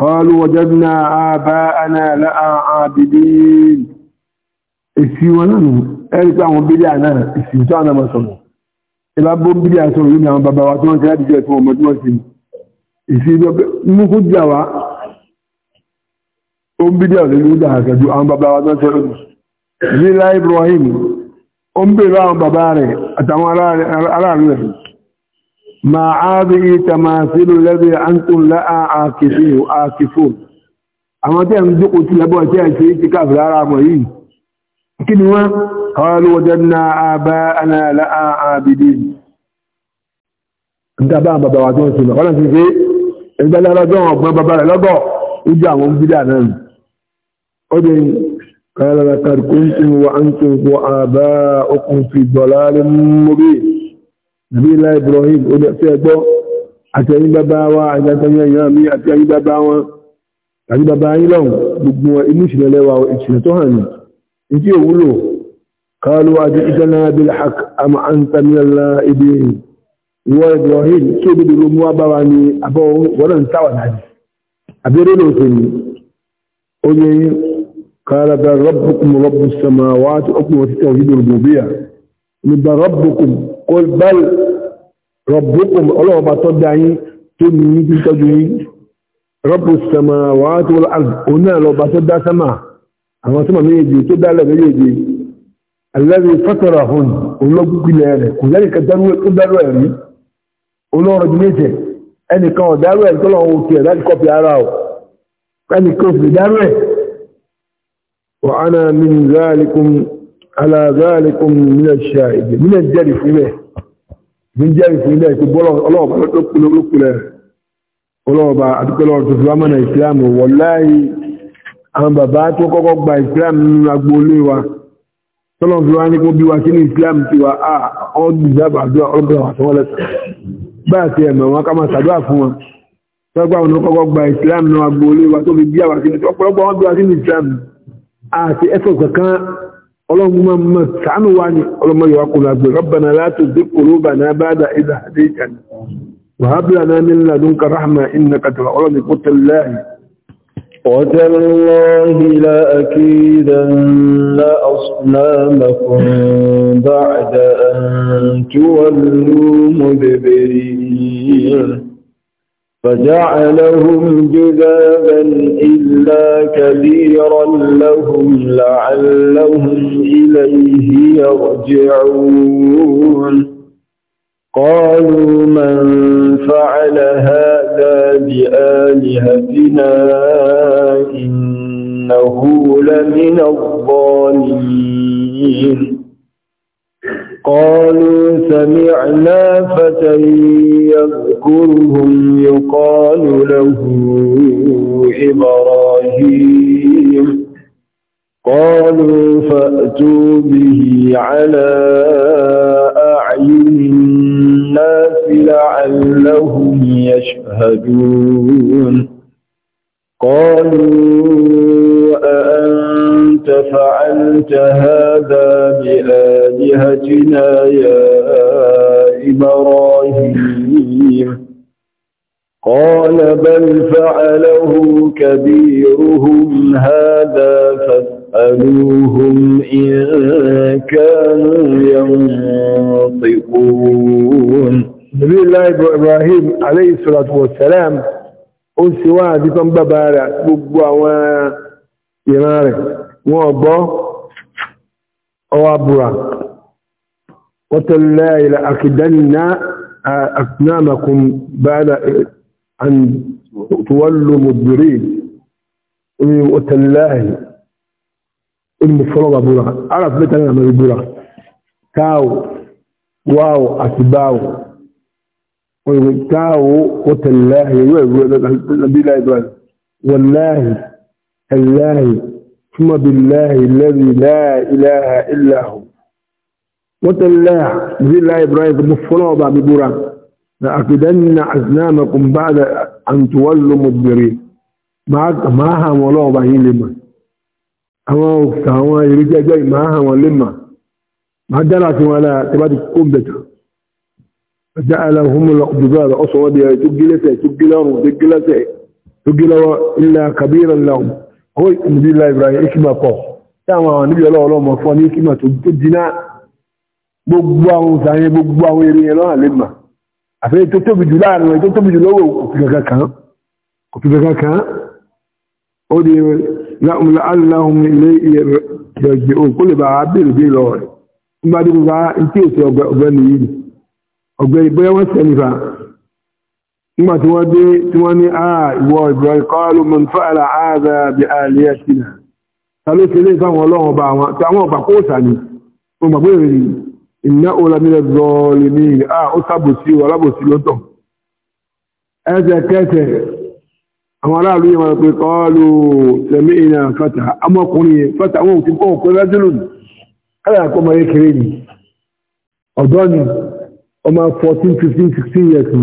kọlu wajadna aba'ana la'a abidin èsì wọn náà nù pé àwọn bídíà náà èsì tó àwọn ọmọ sọ̀rọ̀ ìbá bó bídíà sọ̀rọ̀ yìí ni àwọn bàbá wa tí wọ́n ti láti jẹ́ ìfún ọmọ tí wọ́n ti èsì mú kó jà wá ó ń bídíà lórí ó àwọn bàbá wa tí wọ́n ti rẹ̀ nílá Ibrahim ó ń bèèrè àwọn bàbá rẹ̀ àtàwọn aráàlú rẹ̀ ma áàbí tàmàsílù lẹ́bẹ̀ àǹtùn láà àkìfò àwọn tẹ́ ń jókò tí lẹ́bọ̀ tí a ṣe ti káàfì lára mọ̀ yìí kí ni wọ́n kọlu wajen na àbá ana láà قال لقد كنتم وأنتم وآباؤكم في ضلال مبين نبي الله إبراهيم أولي أتيبو أتيب باباوا أتيب يامي أتيب باباوا أتيب باباين لهم بقموا إنوش لليوا وإنشنا تهاني إنتي أولو قالوا أجئتنا بالحق أم أنت من اللاعبين وإبراهيم كيف بدلوا باباني أبوه ولن سوى نادي أبيرلو سني أولي قال بل ربكم رب السماوات أقوى توحيد الربوبية بل ربكم قل بل ربكم الله ما تدعي تمي تجوي رب السماوات والأرض هنا لو بتدع سماء أما سماء ميجي تدع لا ميجي الذي فطرهن الله بكلاره كذلك داروا داروا الله رجمته أني كان داروا كلهم ذلك كوبي أراو أني كوبي داروا وأنا من ذلكم على ذلكم من الشاهد من الجرف إليه من جرف إليه يقول الله بأ لكل لكل الله بأ أتكلم الله تسلمنا إسلام والله àwọn bàbá tó kọ́kọ́ gba islam nínú agboolé wa tọ́lọ̀ fi wá ní kó bí wa sínú islam ti wa a ọdún ìjábàdúrà ọlọ́bẹ̀ àtọwọ́ lẹ́sẹ̀ báyà ti ẹ̀mẹ̀ wọn ká máa ṣàdúrà fún wọn tọ́gbà wọn kọ́kọ́ gba islam nínú agboolé wa tó fi bí àwọn sínú ọ̀pọ̀lọpọ̀ wọn bí wa sínú islam ربنا لا تزق قلوبنا بعد إذا هديتنا وهب لنا من لدنك رحمة إنك تبعوني قلت الله وتالله لا أكيدا لا أصنامكم بعد أن تولوا مدبرين فجعلهم جذابا إلا كبيرا لهم لعلهم إليه يرجعون قالوا من فعل هذا بآلهتنا إنه لمن الظالمين قالوا سمعنا فتى يذكرهم يقال له إبراهيم قالوا فأتوا به على أعين الناس لعلهم يشهدون قالوا فعلت هذا بآلهتنا يا إبراهيم قال بل فعله كبيرهم هذا فاسألوهم إن كانوا ينطقون نبي الله إبراهيم عليه الصلاة والسلام ó sì wá àdíkan bàbá rẹ̀ gbogbo وابرا وتالله لأكدن أكنامكم بعد أن تولوا مدبرين وتالله المفروض أبرا عرف مثلا ما يبرا تاو واو أتباو تاو وتالله والله الله ثم بالله الذي لا إله إلا هو وتلاح بذي الله إبراهيم مفروا بعد برا لأكدن أزنامكم بعد أن تولوا مدبرين معك معها ولو بهي لما أما أفتحوا يريد جاي معها ولما ما دلعت ولا تبعد كبتا جاء لهم الأقدقاء أصوى بها تجلسة تجلسة تجلسة إلا كبيرا لهم ó níbi ilá Ibrahim ikima pọ̀ tí àwọn àwọn níbi ọlọ́ọ̀lọ́ ọmọ fọ́ ní ikima tó dínà gbogbo àwọn òsàyẹn gbogbo àwọn eré yẹn lọ́nà lè mà àfẹ́ tó tóbi jù láàrin tó tóbi jù lọ́wọ́ òkùnkàn di nígbà tí wọ́n dé tí wọ́n ní àà ah, ìwọ Ibrahim qalu man fa'ala hadha bi aliyatina ta ló ṣe lé sáwọn ọlọ́run bá wọn tí àwọn ọ̀pá kó sà ní mo gbàgbé ìrìn iná olamilẹ zọọlì ní ilẹ̀ àà ó sábòsí ọlábòsí lọ́tọ̀ ẹsẹ̀ kẹsẹ̀ àwọn aráàlú yẹn ọmọ yẹn kéré ni years ni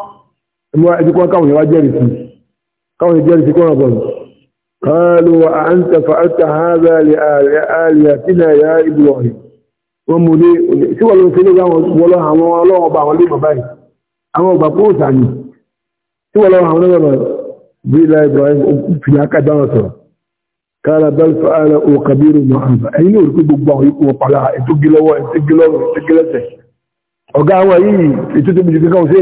ẹjú kọ́ káwọn ìwá jẹ́rìí sí káwọn ìjẹ́rìí sí kọ́nà bọ̀rọ̀ kálù àǹtà fa'áta hàzà lè àríyà sínà ya Ibrahim wọ́n mú ní síwọ́n ló fi lórí wọ́lọ́ àwọn ọlọ́wọ́ bá wọn lè mọ̀ báyìí àwọn ọgbà kó sàní síwọ́n lọ́wọ́ àwọn ọlọ́wọ́ bí ilá Ibrahim fi akájá wọn sọ̀rọ̀ kálà bẹ́ẹ̀ fa'ala o kabiru mọ̀ àǹfà ẹ̀yìn ò rí gbogbo àwọn ipò pàlà ètò gílọ́wọ́ ètò gílọ́wọ́ ètò gílẹ́sẹ̀ ọ̀gá àwọn yìí ètò tó bí ju kíkọ́ sí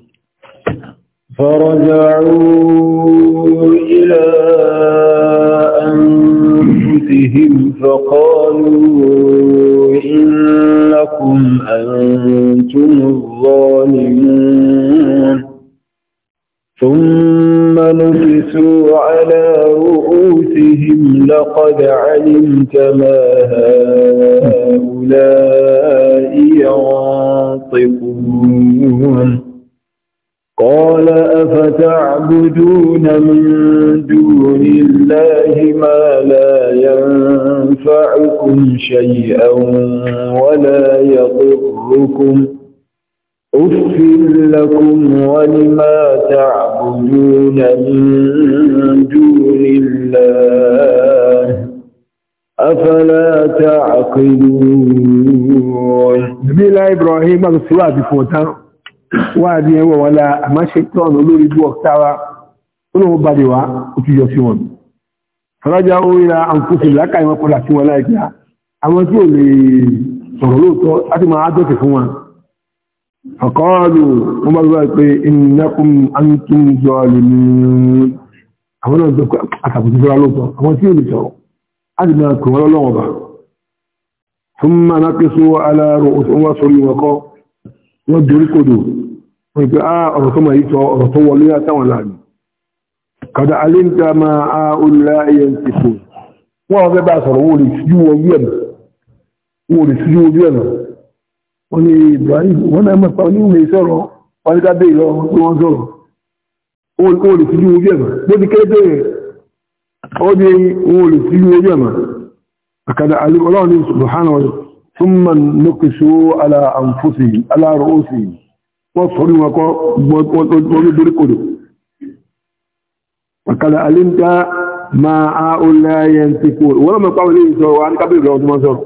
فرجعوا إلى أنفسهم فقالوا إنكم أنتم الظالمون ثم نفسوا على رؤوسهم لقد علمت ما هؤلاء ينطقون قال أفتعبدون من دون الله ما لا ينفعكم شيئا ولا يضركم أفل لكم ولما تعبدون من دون الله أفلا تعقلون نبي الله إبراهيم أغسوا بفوتان wá ní ẹwọ̀ wọn la àmáṣe tọ́ọ̀nù olórí bú ọ̀tára olóhun bàdé wá òtú yọ sí wọn fọ́lájá ó ríra àǹkóṣe láká ìwọ̀n pọ̀lá sí wọn láìpẹ́ àwọn tí ò lè sọ̀rọ̀ lóòótọ́ láti máa dọ́kẹ̀ fún wọn ọ̀kọ́ọ̀lù wọn bá wíwá pé innakum antum wọ́n lọ́wọ́ bá wọ́n a ah, ọ̀rọ̀ tó máa yí tọ ọ̀rọ̀ tó wọlé látàwọn láàrin kàdà alíńtà máa a olùlá ẹyẹn ti fò wọ́n wọ́n fẹ́ bá sọ̀rọ̀ wọ́n lè síjú wọn ẹ̀nà wọ́n lè síjú ojú ẹ̀nà wọ́n ní Ibrahim wọ́n náà mọ̀pá ní ilé sọ̀rọ̀ wọ́n ní ìlọ pé wọ́n sọ̀rọ̀ wọ́n lè síjú ojú ẹ̀nà bó ti kéré bẹ́ẹ̀ ó ní wọ́n lè síjú ojú ẹ̀nà kàdà alíńtà ọlọ́run ní subhanahu thumma nukisu ala anfusihim ala ru'usihim wọ́n forí wọn kọ́ gbọ́nlódórí kodò ọ̀kadà alíńtà máa a ó láyé ti kó wọ́n mọ̀ pàwọn ilé ìṣọ́ wa ní kábílì lọ́wọ́ tó mọ́ sọ́rọ̀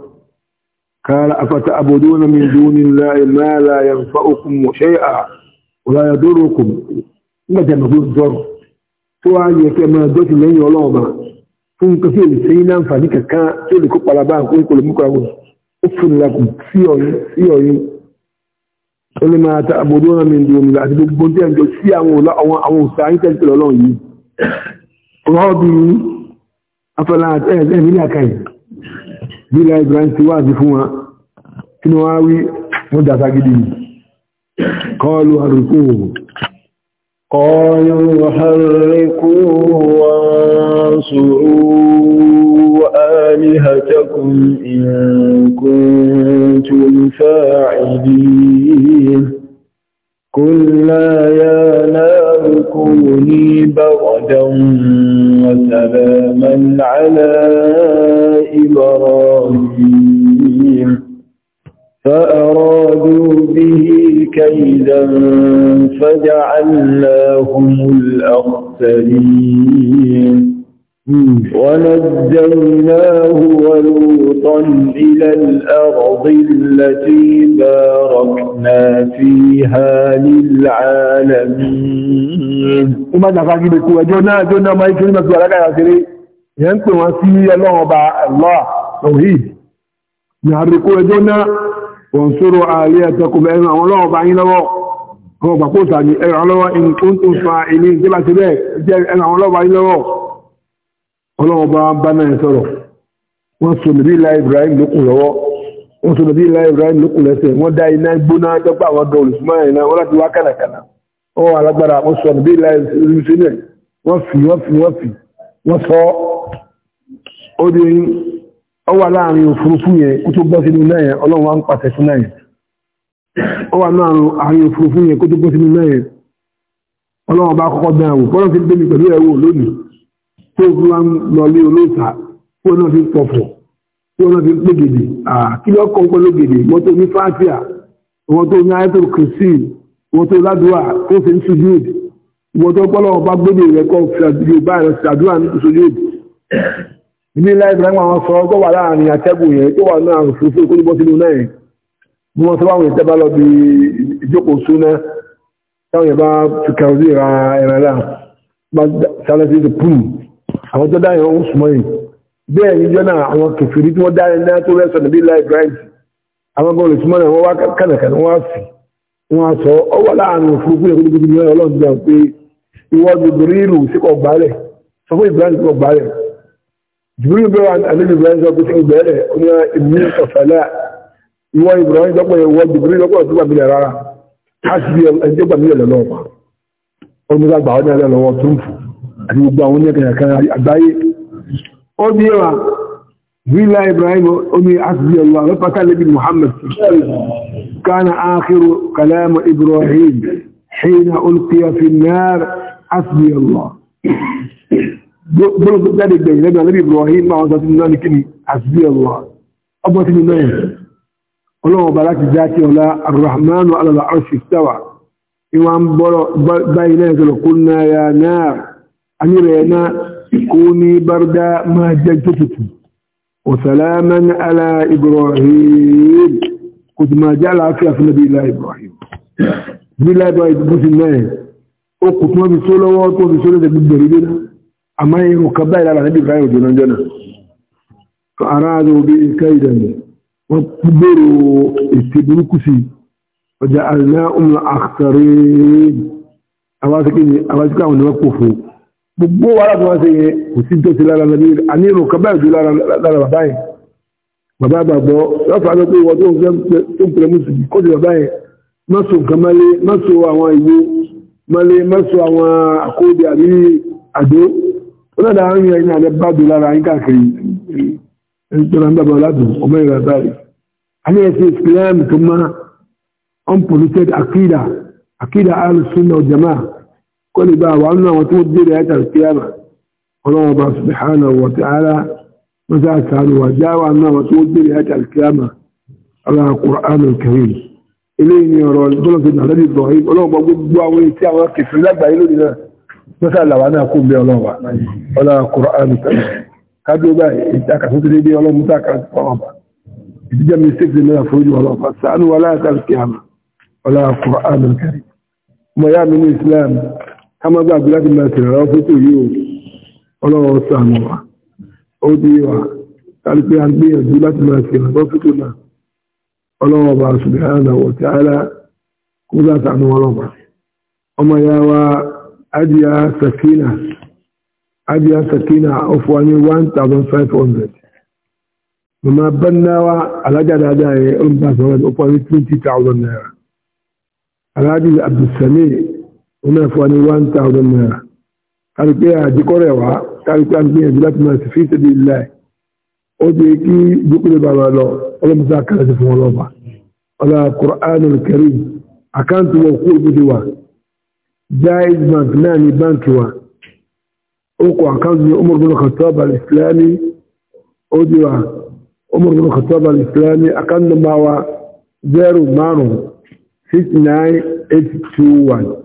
kára afata àbòdó na mi dúró ní láyé máa láyé ó lè máa ta àbòdó ọ̀nà mi dùn nígbà àti gbogbo tí ẹ̀jọ sí àwọn òṣà ń tẹ̀lé ọlọ́run yìí ọ̀rọ̀ bí i afẹ́lá ẹ̀ẹ́dẹ́ nílẹ̀ àkàyè bí ilẹ̀ Ibrahim ti wáàzí fún wa kí آلهتكم إن كنتم فاعلين كلا يا نار كوني بردا وسلاما على إبراهيم فأرادوا به كيدا فجعلناهم الأخسرين ونجيناه ولوطا إلى الأرض التي باركنا فيها للعالمين وما نفاقي بكوة جونا جونا ما يكلمة ولك يا سيري ينكو وسيلي الله وبع الله توحيد يحرقوا جونا وانصروا آلياتكم بأيما والله بعين الله هو بقوة يعني أنا إن كنتم فاعلين كما سيبك أنا والله بعين الله ọlọ́run bá bá náà sọ̀rọ̀ wọ́n so nàbí ilá Ibrahim lókùn lọ́wọ́ wọ́n so nàbí ilá Ibrahim lókùn lẹ́sẹ̀ wọ́n dá iná gbóná dọ́gba àwọn ọdọ olùsùnmọ́ iná wọ́n láti wá kànàkànà ọwọ́ alágbára wọ́n sọ nàbí ilá olùsùnmọ́ wọ́n fi wọ́n fi wọ́n fi wọ́n sọ ó di ọwọ́ láàrin òfurufú yẹn kó tó bọ́ sínú náà yẹn ọlọ́run wá ń pàṣẹ fún náà yẹn ọwọ́ láàrin òfurufú yẹn kó tó bọ́ sínú náà yẹn ọlọ́run bá kọ́kọ́ dán àwò fọ́lọ́ tó fi wá ń lọlé olóòta tó náà fi ń pọ̀fọ̀ tó náà fi ń pégèdè kí ló kọ́ pẹ́ lógèdè wọ́n tó ní fáfíà wọ́n tó ní ayétòrò kìrìsì wọ́n tó ládùúà tó fi ń sujúd wọ́n tó pọ́lọ́ ọba gbédè rẹ̀ kọ́ yorùbá rẹ̀ sàdúrà ní sujúd ilé ilá ibrahim àwọn sọ tó wà láàrin atẹ́gùn yẹn tó wà náà fúrufú kó ní bọ́ sínú náà yẹn bí wọ́n sọ báwọn ìtẹ́bá lọ bí ìjókòó súná táwọn yẹn bá fi kàrúdì ra ẹ̀rọ náà bá sálẹ́sì ti pùlù àwọn tó dáyẹ̀ ó súnmọ́ yìí bẹ́ẹ̀ ní jọ́nà àwọn kèfèrí tí wọ́n dáyẹ̀ náà tó rẹ̀ sọ̀nà bí láì bright àwọn gan olè súnmọ́ náà wọ́n wá kànàkànà wọ́n á sì wọ́n á sọ ọ wà láàrin òfurufú yẹn kúndùkúndù náà ọlọ́run gbà pé ìwọ Jibrilu síkọ̀ gbálẹ̀ sọ fún Ibrahim síkọ̀ gbálẹ̀ Jibrilu bẹ́ẹ̀ wà àlejò Ibrahim sọ pé sí ìgbẹ́rẹ̀ oní ìmú ọ̀fẹ́lẹ́ ìwọ Ibrahim dọ́pọ̀ ìwọ Jibrilu dọ́pọ̀ tó gbàmílẹ̀ rárá á sì bí ẹni tó gbàmílẹ̀ lọ́wọ́ ọmọdé àgbà ọdún ẹlẹ́ lọ́wọ́ tó ń fò àti gbogbo àwọn oníkẹ̀kẹ́ àgbáyé ó bí wà wílá ibrahim omi asibí ọlọ́ alọ́pàá lẹ́bí muhammad kánà ákírù kalama ibrahim حين ألقي في النار حسبي الله gbọ́nà tó jáde gbẹ̀yìn lẹ́gbẹ̀ alẹ́bí ibrahim máa wọ́n sọ́tún náà ní kí ni àṣìbí ọlọ́ ọgbọ́n tí ni náà ọlọ́wọ́ bá láti já tí ọlá arrahmanu alàlá arṣìṣẹ́wà ìwọ̀n bọ́rọ̀ báyìí náà sọ̀rọ̀ kúnnà ya náà an yi rayana kuni barda mahajar tututu wa salaman ala ibrahim kò sì máa jẹ́ àlàáfíà fún nàbí ilá ibrahim bí ilá ibrahim bó ti náà ó kò tún ọbí só lọ́wọ́ tó fi só lẹ́sẹ̀ gbogbo rí lẹ́nà wọ́n gbèrò burúkú sí ọjà àrínà òmìnira àkàrẹ́ àwọn akẹ́kẹ́ àwọn oníwọ́pọ̀ fún gbogbo wàhálà tó wá sí yẹn kò sí tó ti lára lọ àní èrò kan báyìí tó lára bàbá yẹn bàbá àgbàgbọ́ lọ́fà ló pé ìwọ̀n tó ń fẹ́ tó ń pèrè mùsùlùmí kó di bàbá yẹn má so nǹkan mọ́lé má so àwọn ìwé mọ́lé má so àwọn àkóòdì àbí àdó ó náà dáa ń yan iná rẹ bá dùn lára yín káàkiri ìjọba ń bàbá ọládùn ọmọ ìrà báyìí àní ẹ̀sìn Islam tó má unpolluted akida akida al-sunnah wal jamaa كل بقى وعنا وتودي لآية القيامة الله سبحانه وتعالى ماذا كانوا وجاء وعنا وتودي لآية القيامة على القرآن الكريم إليه يرى الدولة الذي إبراهيم الله بقى قدوا ويتيا وكيف لا بعيلوا لنا مثلا لو أنا أقوم بي الله ولا القرآن الكريم كادوا بقى إتاكا فتري بي الله متاكا الله بقى إتجمع السكر من أفوج الله فسألوا ولا القيامة ولا القرآن الكريم ويا من الإسلام ká má gbàgbé láti máa tẹ̀lé ọ̀rọ̀ fótó wa ó di wa kárí pé a gbìyànjú láti máa tẹ̀lé ọ̀rọ̀ fótó náà ọlọ́run subhanahu wa ta'ala kó bá sàmù ọlọ́run ọmọ ìyá wa adìyà ní one thousand five hundred mama bannawa alájà dáadáa yẹn ó twenty thousand naira alájì abdulsami wọ́n náà fún wa ní one thousand naira kárí pé àjíkọ́rẹ̀ wá kárí pé àgbéyànjú láti máa sì fi ìṣèdí ilẹ̀ ó jẹ́ kí dúkúlẹ̀ bàbá lọ ọlọ́mọdé àkàrà sí fún ọlọ́ba ọlá Qur'anul Karim àkáǹtì wọn kú òbí wa Jaiz bank náà ní báǹkì wa ó kọ àkáǹtì Umar bin islami ó di wa Umar bin Khattab islami àkáǹtì nọ́mbà wa zero six nine eight two one.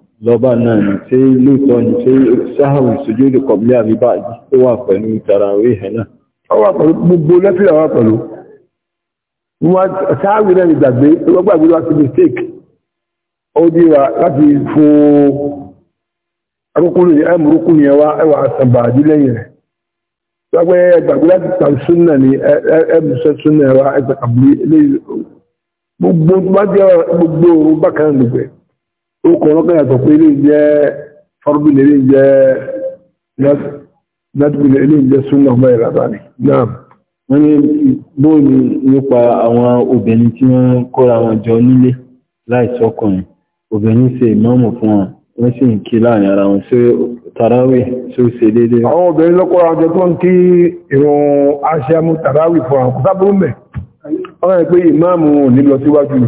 lọ́bà náà ni tí lóòtọ́ ni tí sáhàrùn sujúdù kọ̀bílẹ̀ àríbá tó wà pẹ̀lú tàràwé ẹ̀nà. pẹ̀lú gbogbo lẹ́fílẹ̀ pẹ̀lú wọ́n náà wọ́n gbàgbé wá sí mistake ó díra láti fo ni ẹwà ẹwà àsàbà rẹ̀ láti súnà súnà ẹwà ó kọ̀ ọlọ́kàn yàtọ̀ pé ilé jẹ́ fọ́rọ́bìlì ilé jẹ́ látìbìlì ilé jẹ́ súnmọ̀ ọmọ ìràbà ni náà wọ́n ní bóòlù nípa àwọn obìnrin tí wọ́n kóra wọn jọ nílé láìsọkùnrin obìnrin ṣe ìmáàmù fún wọn wọ́n sì ń kí láàrin ara wọn sí tàráwì tí ó ṣe dédé àwọn obìnrin lọ́kọ́ra ọjọ́ tó ń kí ìrun aṣẹ́mú tàráwì fún àwọn kò wọ́n rẹ̀ pé ìmáàmù ò ní lọ síwájú yìí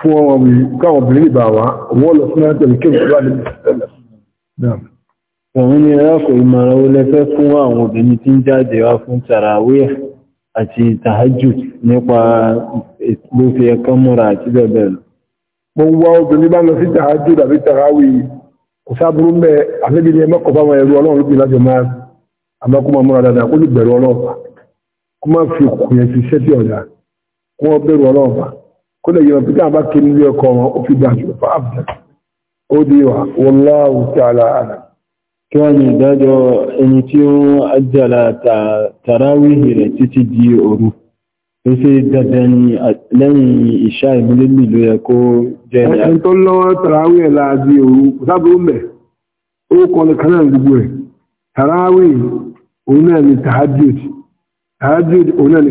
fún ọmọ káwọn obìnrin ìbà wá wọ́n lọ fún ẹgbẹ̀rẹ̀ kí ìjọba lè tẹ́lẹ̀. òun ni ẹ̀rọ̀kọ̀ ìmọ̀ràn ó lẹ́fẹ́ fún àwọn obìnrin tí ń jáde wá fún tarawih àti tahajjud nípa ló fi ẹ̀kọ́ múra àti bẹ́ẹ̀ mo wá obìnrin bá lọ sí tahajjud àbí tarawih kò sábúrú mẹ́ àfẹ́bí ni ẹmọ́kọ̀ bá wọn ẹrú ọlọ́run lóbi lájọ máa àmọ́kùnmọ́ múra dáadáa kódà yìí wọn pété àbá kiri ọkọ wọn ó fi dájú fún wallahu ta'ala àlà. kí wọ́n ní ìdájọ́ ẹni tí di oru ó ṣe dandan ni lẹ́yìn ìṣá ìmúlẹ́lì ló yẹ kó jẹ́ ẹ̀yà. gbogbo ni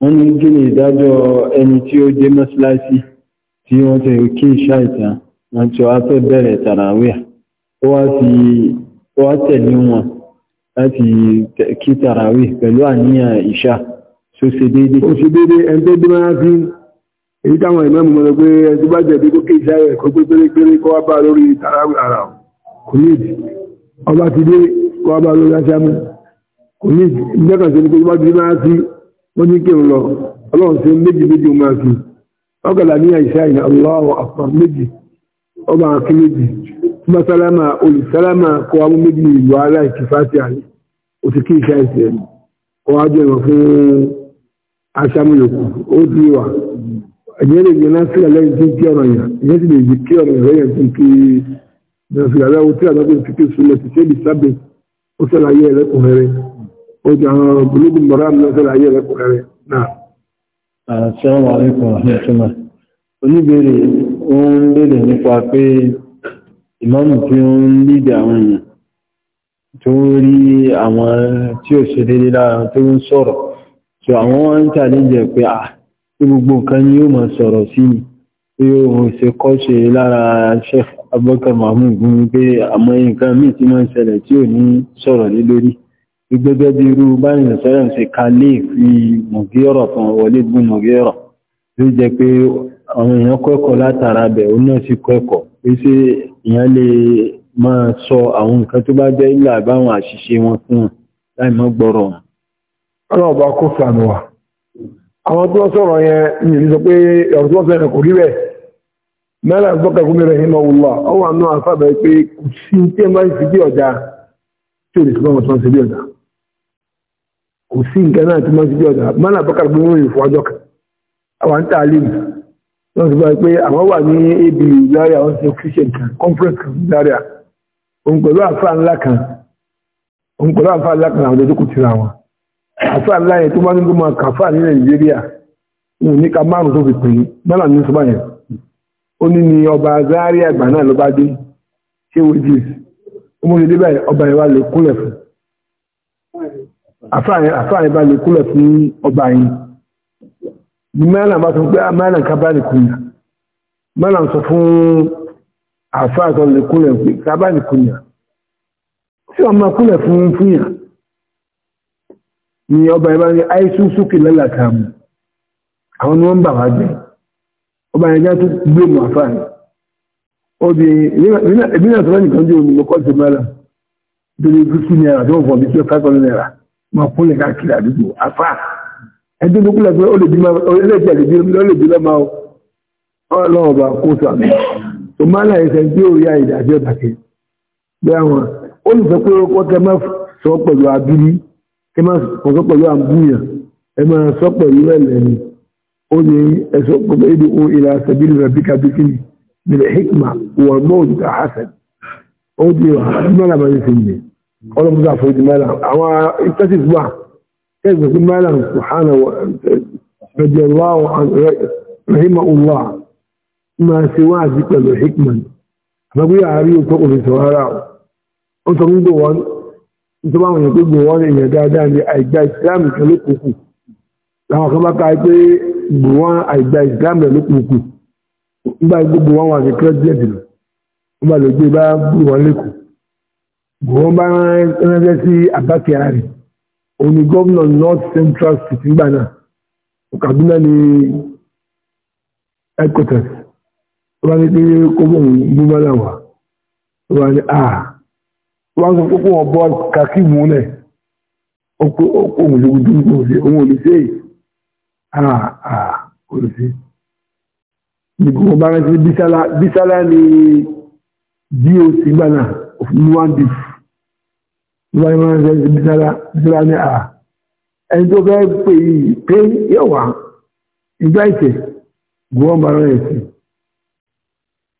wọ́n ní kí ni ìdájọ́ ẹni tí ó dé mọ́síláìsì tí wọ́n ti kí ìṣá ìtàn wọn tí wọ́n fẹ́ bẹ̀rẹ̀ tàràwíà ó wá tẹ̀lé wọn láti kí tàràwí pẹ̀lú àníyàn ìṣá tó ṣe déédé. ó ṣe déédé ẹni tó dé máa fi èyí táwọn onye ike ụlọ n lọ meji sí ọ gara máa fi ọgọ̀lá ní àìsá ìnà meji akbar méjì ọba àkí méjì túnbà sálámà olùsálámà kọ àwọn méjì ìlú aláìkí fásitì àlè òtù kí ìṣá ìṣẹ́ ẹ̀mí ọwọ́ ajọ́ ìwọ̀n fún na وجعل بلوغ المرام مثل أي لكم عليه نعم السلام عليكم ورحمة الله oníbèrè ó ń lédè nípa pé ìmáàmù tí ó ń lédè àwọn èèyàn tó rí àwọn tí ó ṣe dédé lára tó ń sọ̀rọ̀ so àwọn wọ́n ń tàlẹ́jẹ̀ pé à ah, tí gbogbo nǹkan ni yóò máa sọ̀rọ̀ sí ni pé o ṣe kọ́ ṣe lára Sheikh Abubakar Mahmoud gún pé àmọ́ nǹkan míì gbẹgbẹ́ bí irú báyìí sọ́yọ̀n ti kalé fi mọ̀gírọ̀ tán wọlé gún ló jẹ́ pé àwọn èèyàn kọ́ẹ̀kọ́ látara bẹ̀ ó náà sí kọ́ẹ̀kọ́ pé sí èèyàn lè máa sọ àwọn nǹkan tó bá ilẹ̀ àṣìṣe wọn fún láì mọ́ gbọ́rọ̀ wọn. kó kò sí nǹkan náà tí wọ́n ti bí ọ̀dà mọ́nà bọ́kàrà gbé wọ́n yìí fún ọjọ́ kan àwọn ń tà lẹ́yìn wọ́n ti bá pé àwọn wà ní abu zaria wọ́n ti christian kan conference kan zaria òun pẹ̀lú àfa ńlá kan òun pẹ̀lú àfa kan àwọn wọn àfa ńlá yẹn tó bá ní kó máa ní nàìjíríà ní ka márùn tó fi pè é mọ́nà ní yẹn ó ọba zaria àgbà náà ló bá dé ṣé wọ́n àfáàyè bá lè kúlẹ̀ fún ọba yìí ni mẹ́rin bá sọ pé ah, mẹ́rin ká bá lè kúlẹ̀ mẹ́rin sọ fún àfáà tó lè kúlẹ̀ pé ká bá lè kúlẹ̀ tí wọ́n máa kúlẹ̀ fún fúnyà ni ọba yìí bá ní àìsùn sókè lẹ́làkà mu àwọn ni wọ́n ń bà wá ọba yẹn tó gbé mọ́ àfáàyè obi ìbílẹ̀ tó tó máa kúnlẹ̀ káàkiri àdúgbò afá ẹdún tó kúnlẹ̀ pé ó lè bímọ orílẹ̀-èdè àdúgbò ó lè bímọ máa ọlọ́wọ́ bá kó sọ àmì tó máa ń láyé sẹ́ńtì ó yá ìdájọ́ ìbàkẹ́ bí àwọn ó lè sọ pé ó kẹ́ máa sọ pẹ̀lú abílí kẹ́ máa sọ pẹ̀lú àbúyàn ẹ máa sọ pẹ̀lú ẹlẹ́ni ó ní ẹ̀sọ́ pẹ̀lú èdè ó ìlà sẹ́bí rẹ̀ bí kábíkìlì nílẹ̀ hikma wọ̀n mọ́ọ̀dù ọlọ́pùsà àforíjì mẹ́lá àwọn ìtẹ́sì wà kẹ́gbẹ̀ fún mẹ́lá ṣùhánà rahimahullah ma ṣe wá àti pẹ̀lú hikman àbábí àárí òtọ́ òfìsọ̀ ara ó sọ ń gbòwọ́n tó bá wọ̀nyẹ̀ pé gbòwọ́n èèyàn dáadáa ní àìgbà ìsìláàmù kan ló kùkù láwọn kan bá ká pé gbòwọ́n àìgbà ìsìláàmù rẹ̀ ló kùkù nígbà gbogbo wọn wà ní kírẹ́díẹ̀dì lọ nígbà ló gbé bá gbòwọ́n lẹ́kùn wọ́n bá ránṣẹ́ sí Abba Kyari òun ni gómìnà North Central State nígbà náà Kaduna ní headquarters tó bá ní pé kókó òun gbígbá náà wà tó bá ní à ah. wọ́n sọ pé kó wọ́n bọ́ kàkí múlẹ̀ ó pé òun lè dúró kó ṣe òun ò lè ṣe à à kò lè ṣe ní kókó bá ránṣẹ́ Bísálá ní DOC gbà náà of Nuwandis wọ́n máa ń rẹ̀ bísára bísára ní à ah, ẹni tó fẹ́ pè yìí pé yóò wá ìgbà ìtẹ̀ gbọ́n bá rẹ̀ sí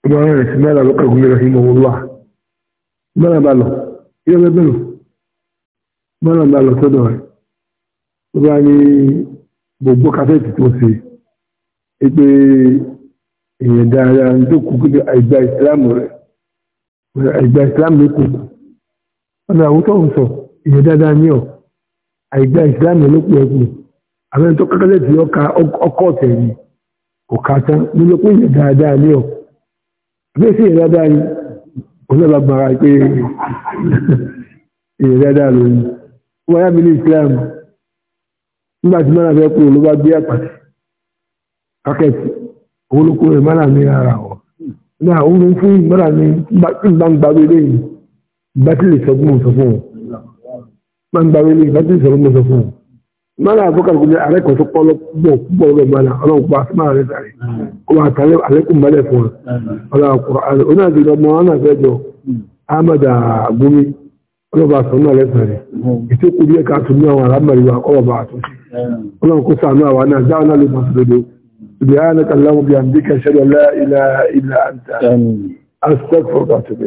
ọba rẹ̀ sí mẹ́ra lọ́kàn gúnlẹ̀ rẹ̀ ìmọ̀ wọ́n wà mẹ́ra bá lọ yóò fẹ́ bẹ̀rù mẹ́ra bá lọ sọ́dọ̀ rẹ̀ ó bá ní gbogbo kásẹ̀tì tó ṣe é pé èèyàn dáadáa ń tó kú kí àìgbà ìsìlámù rẹ̀ àìgbà ìsìlámù ló kù kù ọ̀nà àwùjọ ń sọ ìyẹn dáadáa ní ọ àìgbà ìsìlámù olóko ẹkùn àwọn tó kọ́kọ́lẹ̀ tí ọkọ̀ ọ̀tẹ̀ yìí kò ká tán nínú pé ìyẹn dáadáa ní ọ bí sí ìyẹn dáadáa ní ọlọ́ba gbàrà pé (laughs) ìyẹn dáadáa lóyún wọ́n yá mi ní ìsìlámù nígbà tí mọ́nà fẹ́ kúrò ló bá gbé àpàtì kákẹ́ẹ̀tì owó ló kúrò mọ́nà mi ara ọ̀ náà òun fún mọ́nà mi ń bá bátìlì sọgbọn sọ fún máa ń gbàwé ní bátìlì sọgbọn sọ fún mara àfọkàlù kò ní àrẹkọsọ pọlọ púpọ̀ púpọ̀ rẹ mara Ọlọ́run pa máa rẹ sàrẹ ọmọ àtàlẹ àlékún balẹ fún Ọlọ́run kọ àlẹ onáàbí ọmọ anáfẹjọ Ahmed Gumi ọlọba sọmọ rẹ sàrẹ ètò kù díẹ̀ káàtó ní àwọn arámọlẹ wa ọlọba àtúnṣe Ọlọ́run kó sànú àwa náà dáwọn náà lè mọ sódodo ìdí àyànnà kan láwọn bí i àǹdíkà ṣẹlẹ ọlá ilà ilà àǹtà àṣìṣẹ́ fọ́ọ̀tà tó bẹ̀rẹ̀